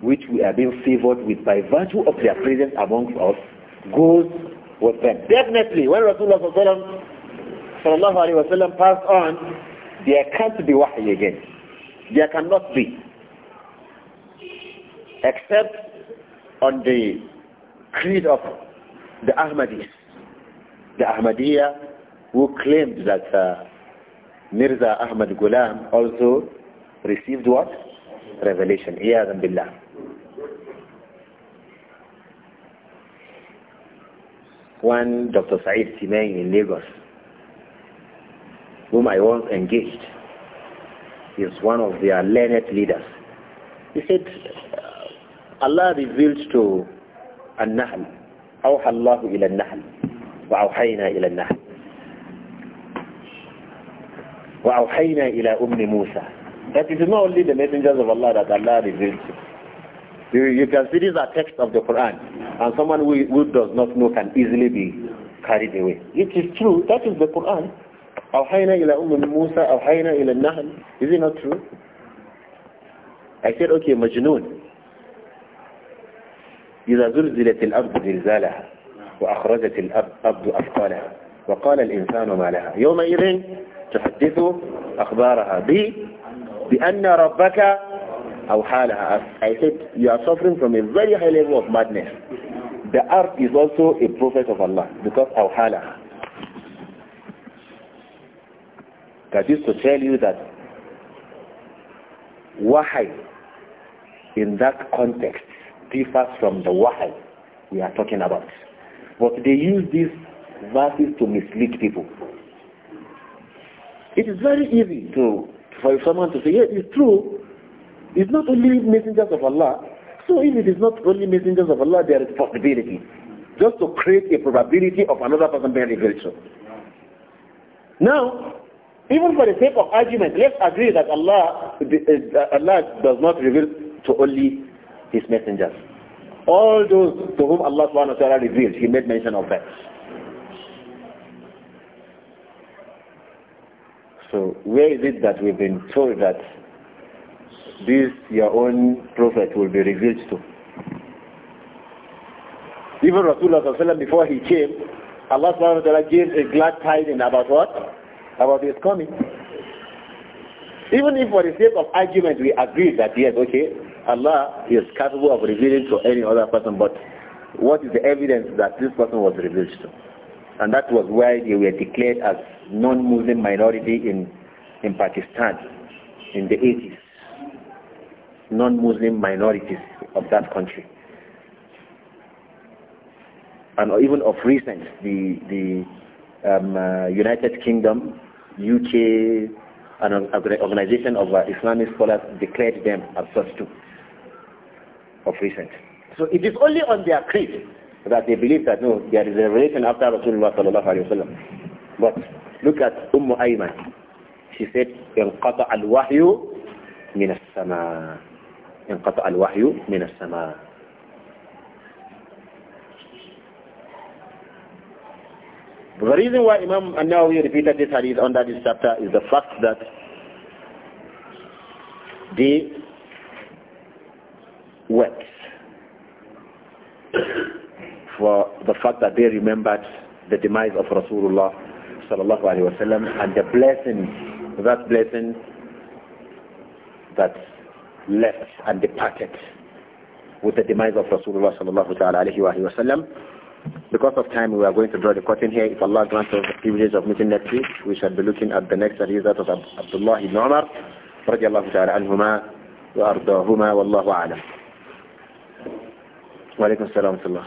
which we are being favored with by virtue of their presence among us goes with them. Definitely, when Rasulullah sallallahu passed on, there can't be wahi again. There cannot be except on the creed of the Ahmadis. The Ahmadiyya who claimed that uh, Mirza Ahmad Ghulam also received what? Revelation. Iyadhan Billah. One Dr. Saeed Simeng in Lagos, whom I once engaged, is one of their learned leaders. He said, Allah revealed to An-Nahl, أوحى الله إلى النحل وأوحينا إلى النحل وأوحينا إلى أم موسى That it is not only the messengers of Allah that Allah revealed to. You, you can see these are texts of the Quran and someone who, who does not know can easily be carried away. It is true, that is the Quran. أوحينا إلى أم موسى أوحينا إلى النحل Is it not true? I said, okay, Majnun. إذا زلزلت الأرض زلزالها وأخرجت الأرض أثقالها وقال الإنسان ما لها يومئذ تحدث أخبارها بي بأن ربك أو حالها I said you are suffering from a very high level of madness the earth is also a prophet of Allah because أو حالها that is to tell you that wahai in that context differs from the wahy we are talking about. But they use these verses to mislead people. It is very easy to for someone to say, "Yeah, it's true. It's not only messengers of Allah. So if it is not only messengers of Allah, there is possibility. Just to create a probability of another person being revealed to. Now, even for the sake of argument, let's agree that Allah, uh, Allah does not reveal to only his messengers. All those to whom Allah subhanahu wa ta'ala revealed, he made mention of that. So where is it that we've been told that this your own prophet will be revealed to? Even Rasulullah before he came, Allah subhanahu wa ta'ala gave a glad tidings about what? About his coming. Even if for the sake of argument we agree that yes, okay, Allah is capable of revealing to any other person, but what is the evidence that this person was revealed to? And that was why they were declared as non-Muslim minority in, in Pakistan in the 80s. Non-Muslim minorities of that country. And even of recent, the, the um, uh, United Kingdom, UK, an organization of uh, Islamic scholars declared them as such too of recent. So it is only on their creed that they believe that no, there is a relation after Rasulullah sallallahu alayhi wa But look at Umm Ayman. She said, انقطع الوحي من السماء انقطع الوحي من السماء The reason why Imam An-Nawawi repeated this hadith under this chapter is the fact that the Works for the fact that they remembered the demise of Rasulullah sallallahu alaihi wasallam and the blessing, that blessing that left and departed with the demise of Rasulullah sallallahu alaihi wasallam. Because of time, we are going to draw the curtain here. If Allah grants us the privilege of meeting next week, we shall be looking at the next series that was Abdullah ibn Umar, اللَّهُ تَعَالَى anhuma, وأرضاهما والله أعلم وعليكم السلام ورحمة الله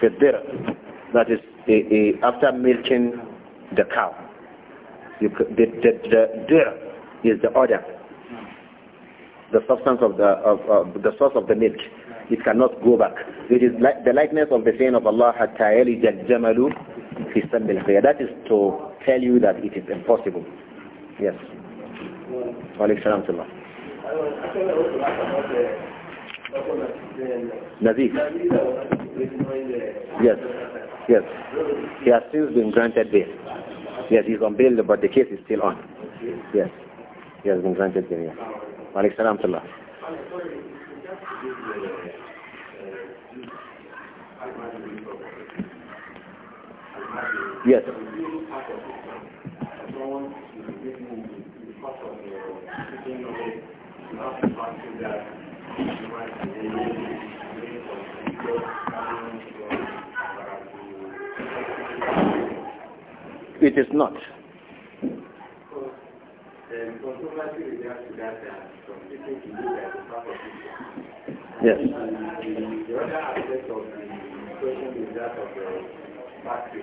في الدرع that is a, a, after milking the cow you, the, the, the is the order the substance of the of, of the source of the milk it cannot go back it is like the likeness of the saying of Allah hatta yalija jamalu that is to tell you that it is impossible yes salam Nazik. Yes. Yes. He has since been granted bail. Yes, he's on bail, but the case is still on. Yes. He has been granted bail, yes. Malik salam to Yes. It is not. Yes. The other aspect of the question is that of the factory.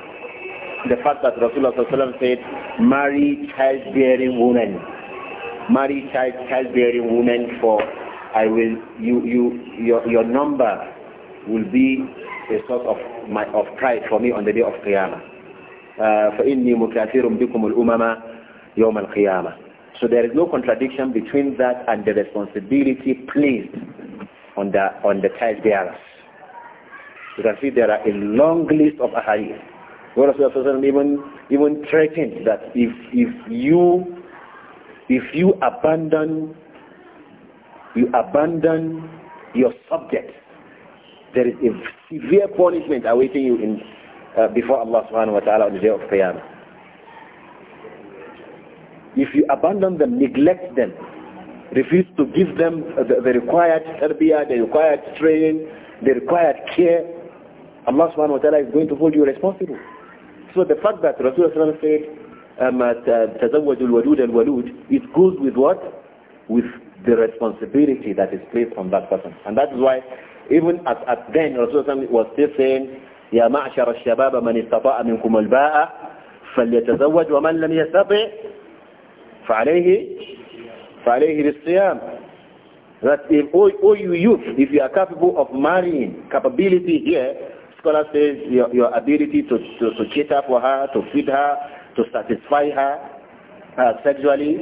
the fact that Rasulullah Sallallahu said, marry childbearing women. Marry child, childbearing women for I will, you, you, your, your number will be a source of, my, of pride for me on the day of Qiyamah. Uh, so there is no contradiction between that and the responsibility placed on the, on the childbearers. You can see there are a long list of ahadith when Rasulullah even even threatened that if if you if you abandon you abandon your subject, there is a severe punishment awaiting you in uh, before Allah subhanahu wa ta'ala on the day of Qiyamah. If you abandon them, neglect them, refuse to give them the, the required tarbiyah, the required training, the required care, Allah subhanahu wa ta'ala is going to hold you responsible. So the fact that Rasulullah said, تزوج الولود الولود, it goes with what? With the responsibility that is placed on that person. And that is why even at, at then Rasulullah was still saying, يا معشر الشباب من استطاع منكم الباء فليتزوج ومن لم يستطع فعليه فعليه بالصيام that if all, oh, oh you youth if you are capable of marrying capability here scholar says your, your ability to, to, to cater for her, to feed her, to satisfy her uh, sexually,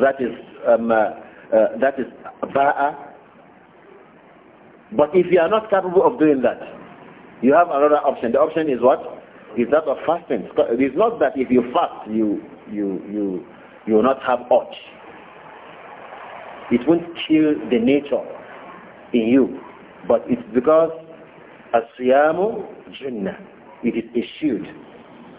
that is um, uh, uh, that is ba'a. But if you are not capable of doing that, you have another option. The option is what? Is that of fasting? It is not that if you fast, you you you you will not have urge. It won't kill the nature in you, but it's because Asiyamu jinnah, It is issued.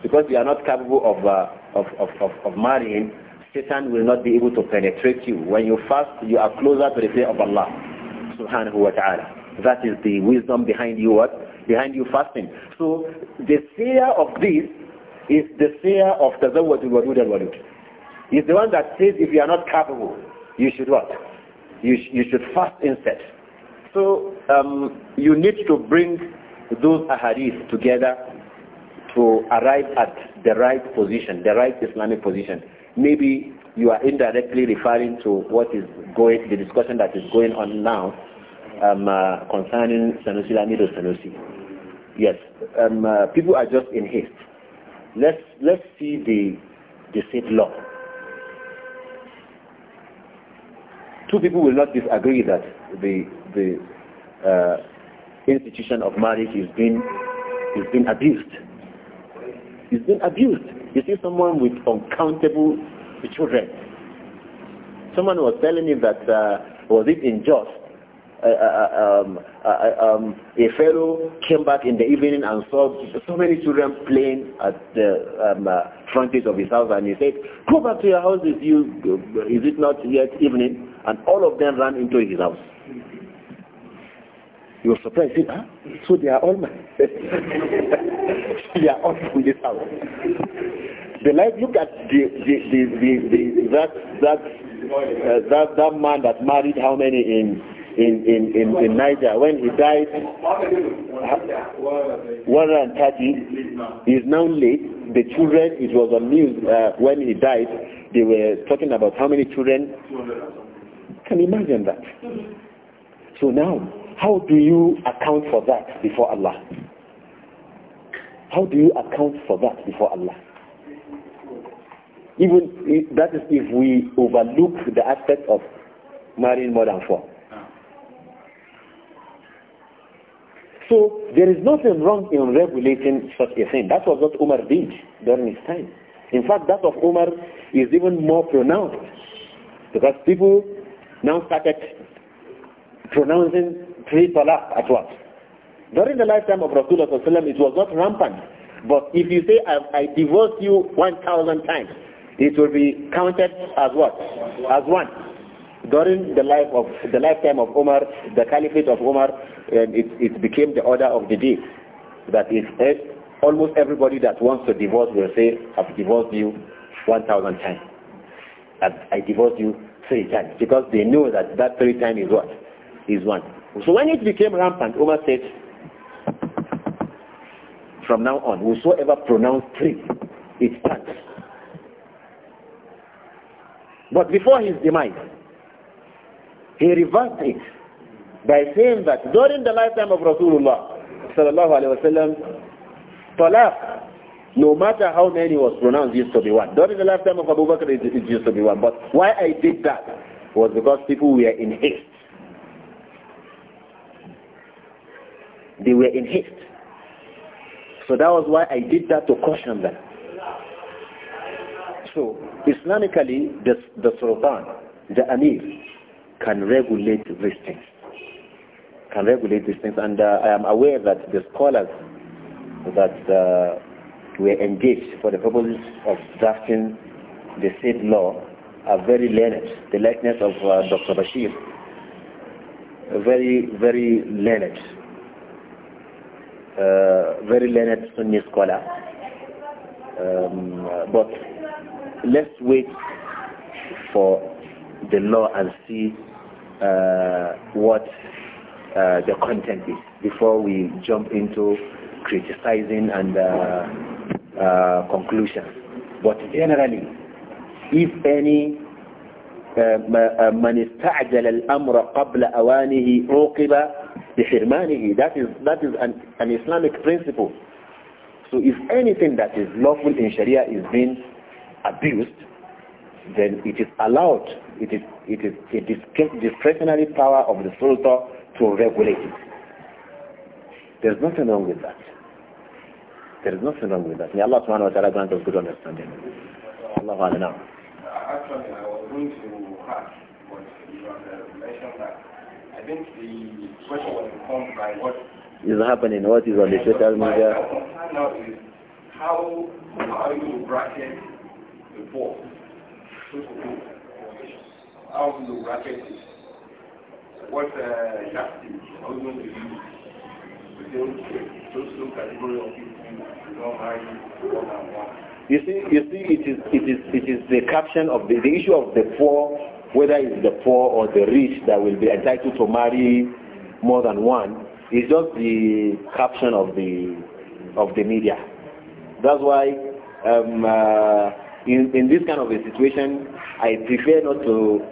Because you are not capable of, uh, of, of, of, of marrying, Satan will not be able to penetrate you. When you fast, you are closer to the fear of Allah subhanahu wa ta'ala. That is the wisdom behind you what? Behind you fasting. So the fear of this is the fear of the Wadud al Wadud. It's the one that says if you are not capable, you should what? You, sh you should fast instead. So um, you need to bring those ahadith together to arrive at the right position, the right Islamic position. Maybe you are indirectly referring to what is going, the discussion that is going on now um, uh, concerning Sanusi Lamido Sanusi. Yes, um, uh, people are just in haste. Let's let's see the the state law. two people will not disagree that the the uh, institution of marriage is being is being abused. Is being abused. You see someone with uncountable children. Someone was telling me that uh, was it in Joss? Uh, uh, uh, um, uh, um, a fellow came back in the evening and saw so many children playing at the um, of his house, and he said, "Go back to your houses. You is it not yet evening?" and all of them ran into his house. You were surprised, huh? Ah, so they are all men. *laughs* they are all from this house. The life look at the the the, the, the that that uh, that that man that married how many in in in in, in Niger when he died one hundred and thirty is now late. The children it was on news uh, when he died. They were talking about how many children can imagine that. So now, how do you account for that before Allah? How do you account for that before Allah? Even if, that is if we overlook the aspect of marrying more than four. So there is nothing wrong in regulating such a thing. That was what Umar did during his time. In fact, that of Umar is even more pronounced because people now started pronouncing three talaq at once. During the lifetime of Rasulullah it was not rampant. But if you say, I, I divorce you 1,000 times, it will be counted as what? As one. During the life of the lifetime of Umar, the caliphate of Umar, it, it became the order of the day. That is, eh, almost everybody that wants to divorce will say, I've divorced you 1,000 times. I, I divorced you three times because they know that that three times is what? Is one. So when it became rampant, Omar said, from now on, whosoever pronounced three, it stands. But before his demise, he reversed it by saying that during the lifetime of Rasulullah sallallahu alaihi wasallam, talaq no matter how many was pronounced, used to be one. During the lifetime of Abu Bakr, it, it used to be one. But why I did that was because people were in haste. They were in haste. So that was why I did that to caution them. So, Islamically, the, the Sultan, the Amir, can regulate these things. Can regulate these things. And uh, I am aware that the scholars that uh, were engaged for the purposes of drafting the said law are very learned, the likeness of uh, Dr. Bashir, very, very learned, uh, very learned Sunni scholar. Um, but let's wait for the law and see uh, what uh, the content is before we jump into criticizing and uh, uh, conclusion. But generally, if any من استعجل الأمر قبل أوانه عوقب بحرمانه that is, that is an, an Islamic principle so if anything that is lawful in Sharia is being abused then it is allowed it is, it is a discretionary power of the Sultan to regulate it there's nothing wrong with that there is nothing wrong with that. May Allah subhanahu wa ta'ala grant us good understanding. Allah wa now. Actually, I was going to ask, but you mentioned that. I think the question was informed by what is happening, what is on the social media. My Now is how are you bracket the ball? How do you bracket it? What uh, tactics are you going to use within social category of people? You see, you see, it is, it is, it is the caption of the, the issue of the poor, whether it's the poor or the rich that will be entitled to marry more than one, is just the caption of the, of the media. That's why um, uh, in, in this kind of a situation, I prefer not to,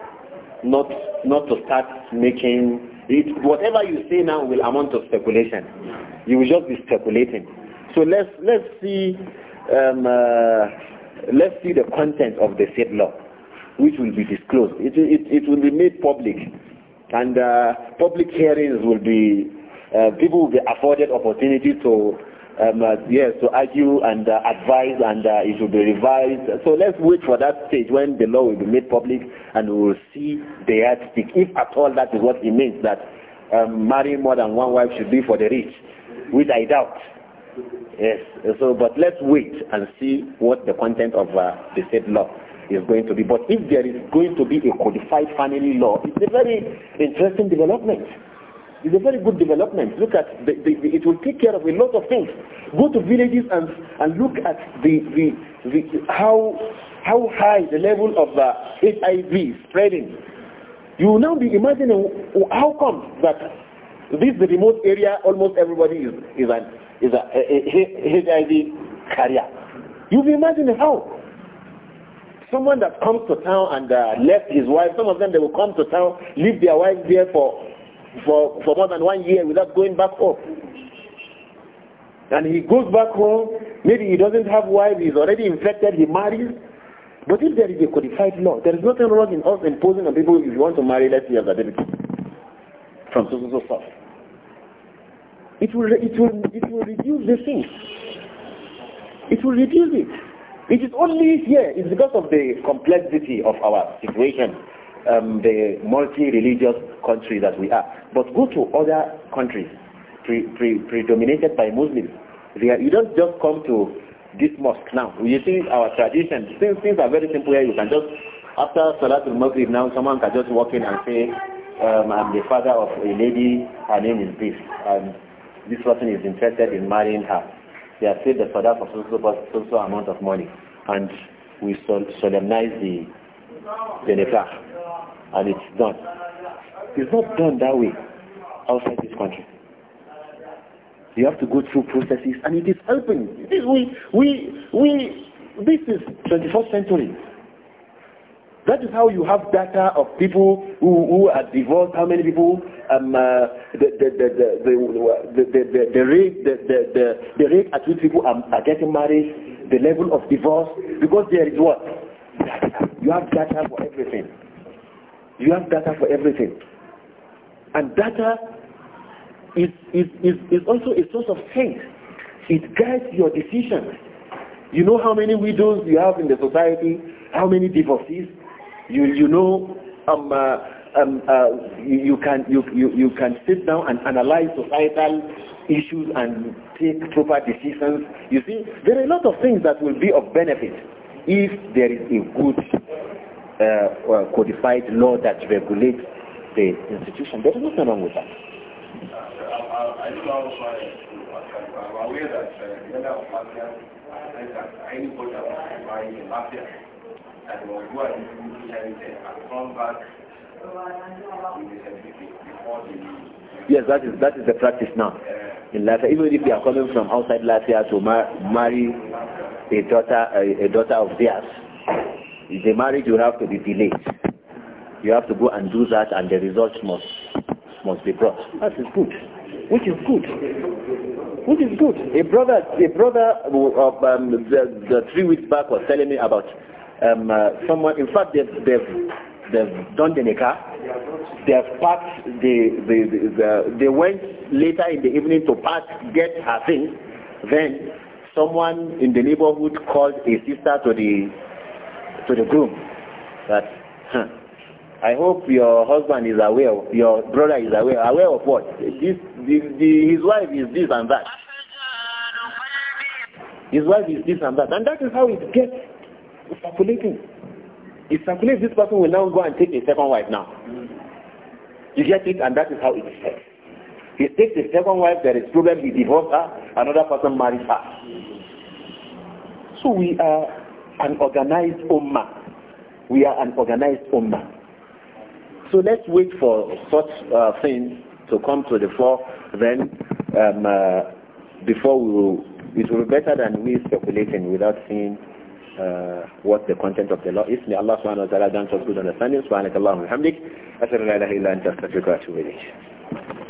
not, not to start making it, whatever you say now will amount to speculation. You will just be speculating. So let's let's see um, uh, let's see the content of the said law, which will be disclosed. It it, it will be made public, and uh, public hearings will be uh, people will be afforded opportunity to um, uh, yes to argue and uh, advise, and uh, it will be revised. So let's wait for that stage when the law will be made public, and we will see the yardstick, if at all that is what it means that um, marrying more than one wife should be for the rich, which I doubt. Yes. So, but let's wait and see what the content of uh, the state law is going to be. But if there is going to be a codified family law, it's a very interesting development. It's a very good development. Look at the, the, the, it will take care of a lot of things. Go to villages and and look at the the, the how how high the level of uh, HIV spreading. You will now be imagining how come that this remote area almost everybody is is an is a, a, a HIV carrier. you can imagine how. Someone that comes to town and uh, left his wife, some of them they will come to town, leave their wife there for, for, for more than one year without going back home. And he goes back home, maybe he doesn't have wife, he's already infected, he marries. But if there is a codified law, there is nothing wrong in us imposing on people if you want to marry, let's see a certificate from so so so it will, it will, it will reduce the sin. It will reduce it. It is only here, it's because of the complexity of our situation, um, the multi-religious country that we are. But go to other countries pre, pre, predominated by Muslims. you don't just come to this mosque now. You see our tradition, things, things are very simple here. You can just, after Salatul Maghrib now, someone can just walk in and say, um, I'm the father of a lady, her name is this. And this person is interested in marrying her. They have paid the father for so amount of money, and we solemnize the the nikah, and it's done. It's not done that way outside this country. You have to go through processes, and it is helping. we, we, we, this is 21st century. That is how you have data of people who, who are divorced, how many people, um, uh, the, the, the, the, the, rate, rate at which people are, are getting married, the level of divorce, because there is what? Data. You have data for everything. You have data for everything. And data is, is, is, is also a source of strength. It guides your decisions. You know how many widows you have in the society, how many divorces, you, you know, um, uh, um, uh, you, you, can, you, you, you can sit down and analyze societal issues and take proper decisions. You see, there are a lot of things that will be of benefit if there is a good uh, codified law that regulates the institution. There is nothing wrong with that. I am aware that uh, the of mafia, any mafia, and was who and come back Yes, that is that is the practice now. In Lafia, even if they are coming from outside Lafia to mar marry a daughter a, a daughter of theirs, the marriage will have to be delayed. You have to go and do that, and the results must must be brought. That is good, which is good, which is good. A brother, a brother, of, um, the, the three weeks back was telling me about um, uh, someone, in fact, they've, they've, they've done the nikah, they've packed, the, the, the, the, they went later in the evening to pack, get her things. Then someone in the neighborhood called a sister to the, to the groom that, huh, I hope your husband is aware, your brother is aware, aware of what? This, this, the, his wife is this and that. His wife is this and that. And that is how it gets. It's circulating. It circulates, this person will now go and take a second wife now. You get it, and that is how it is said. He takes a second wife, there is problem, he divorces her, another person marries her. So we are an organized ummah. We are an organized ummah. So let's wait for such uh, things to come to the fore, then um, uh, before we will, it will be better than we speculating without seeing uh, what the content of the law is. May Allah subhanahu wa ta'ala grant us good understanding. Subhanakallahu wa hamdik. Asr la ilaha illa anta astaghfiruka wa atubu ilayk.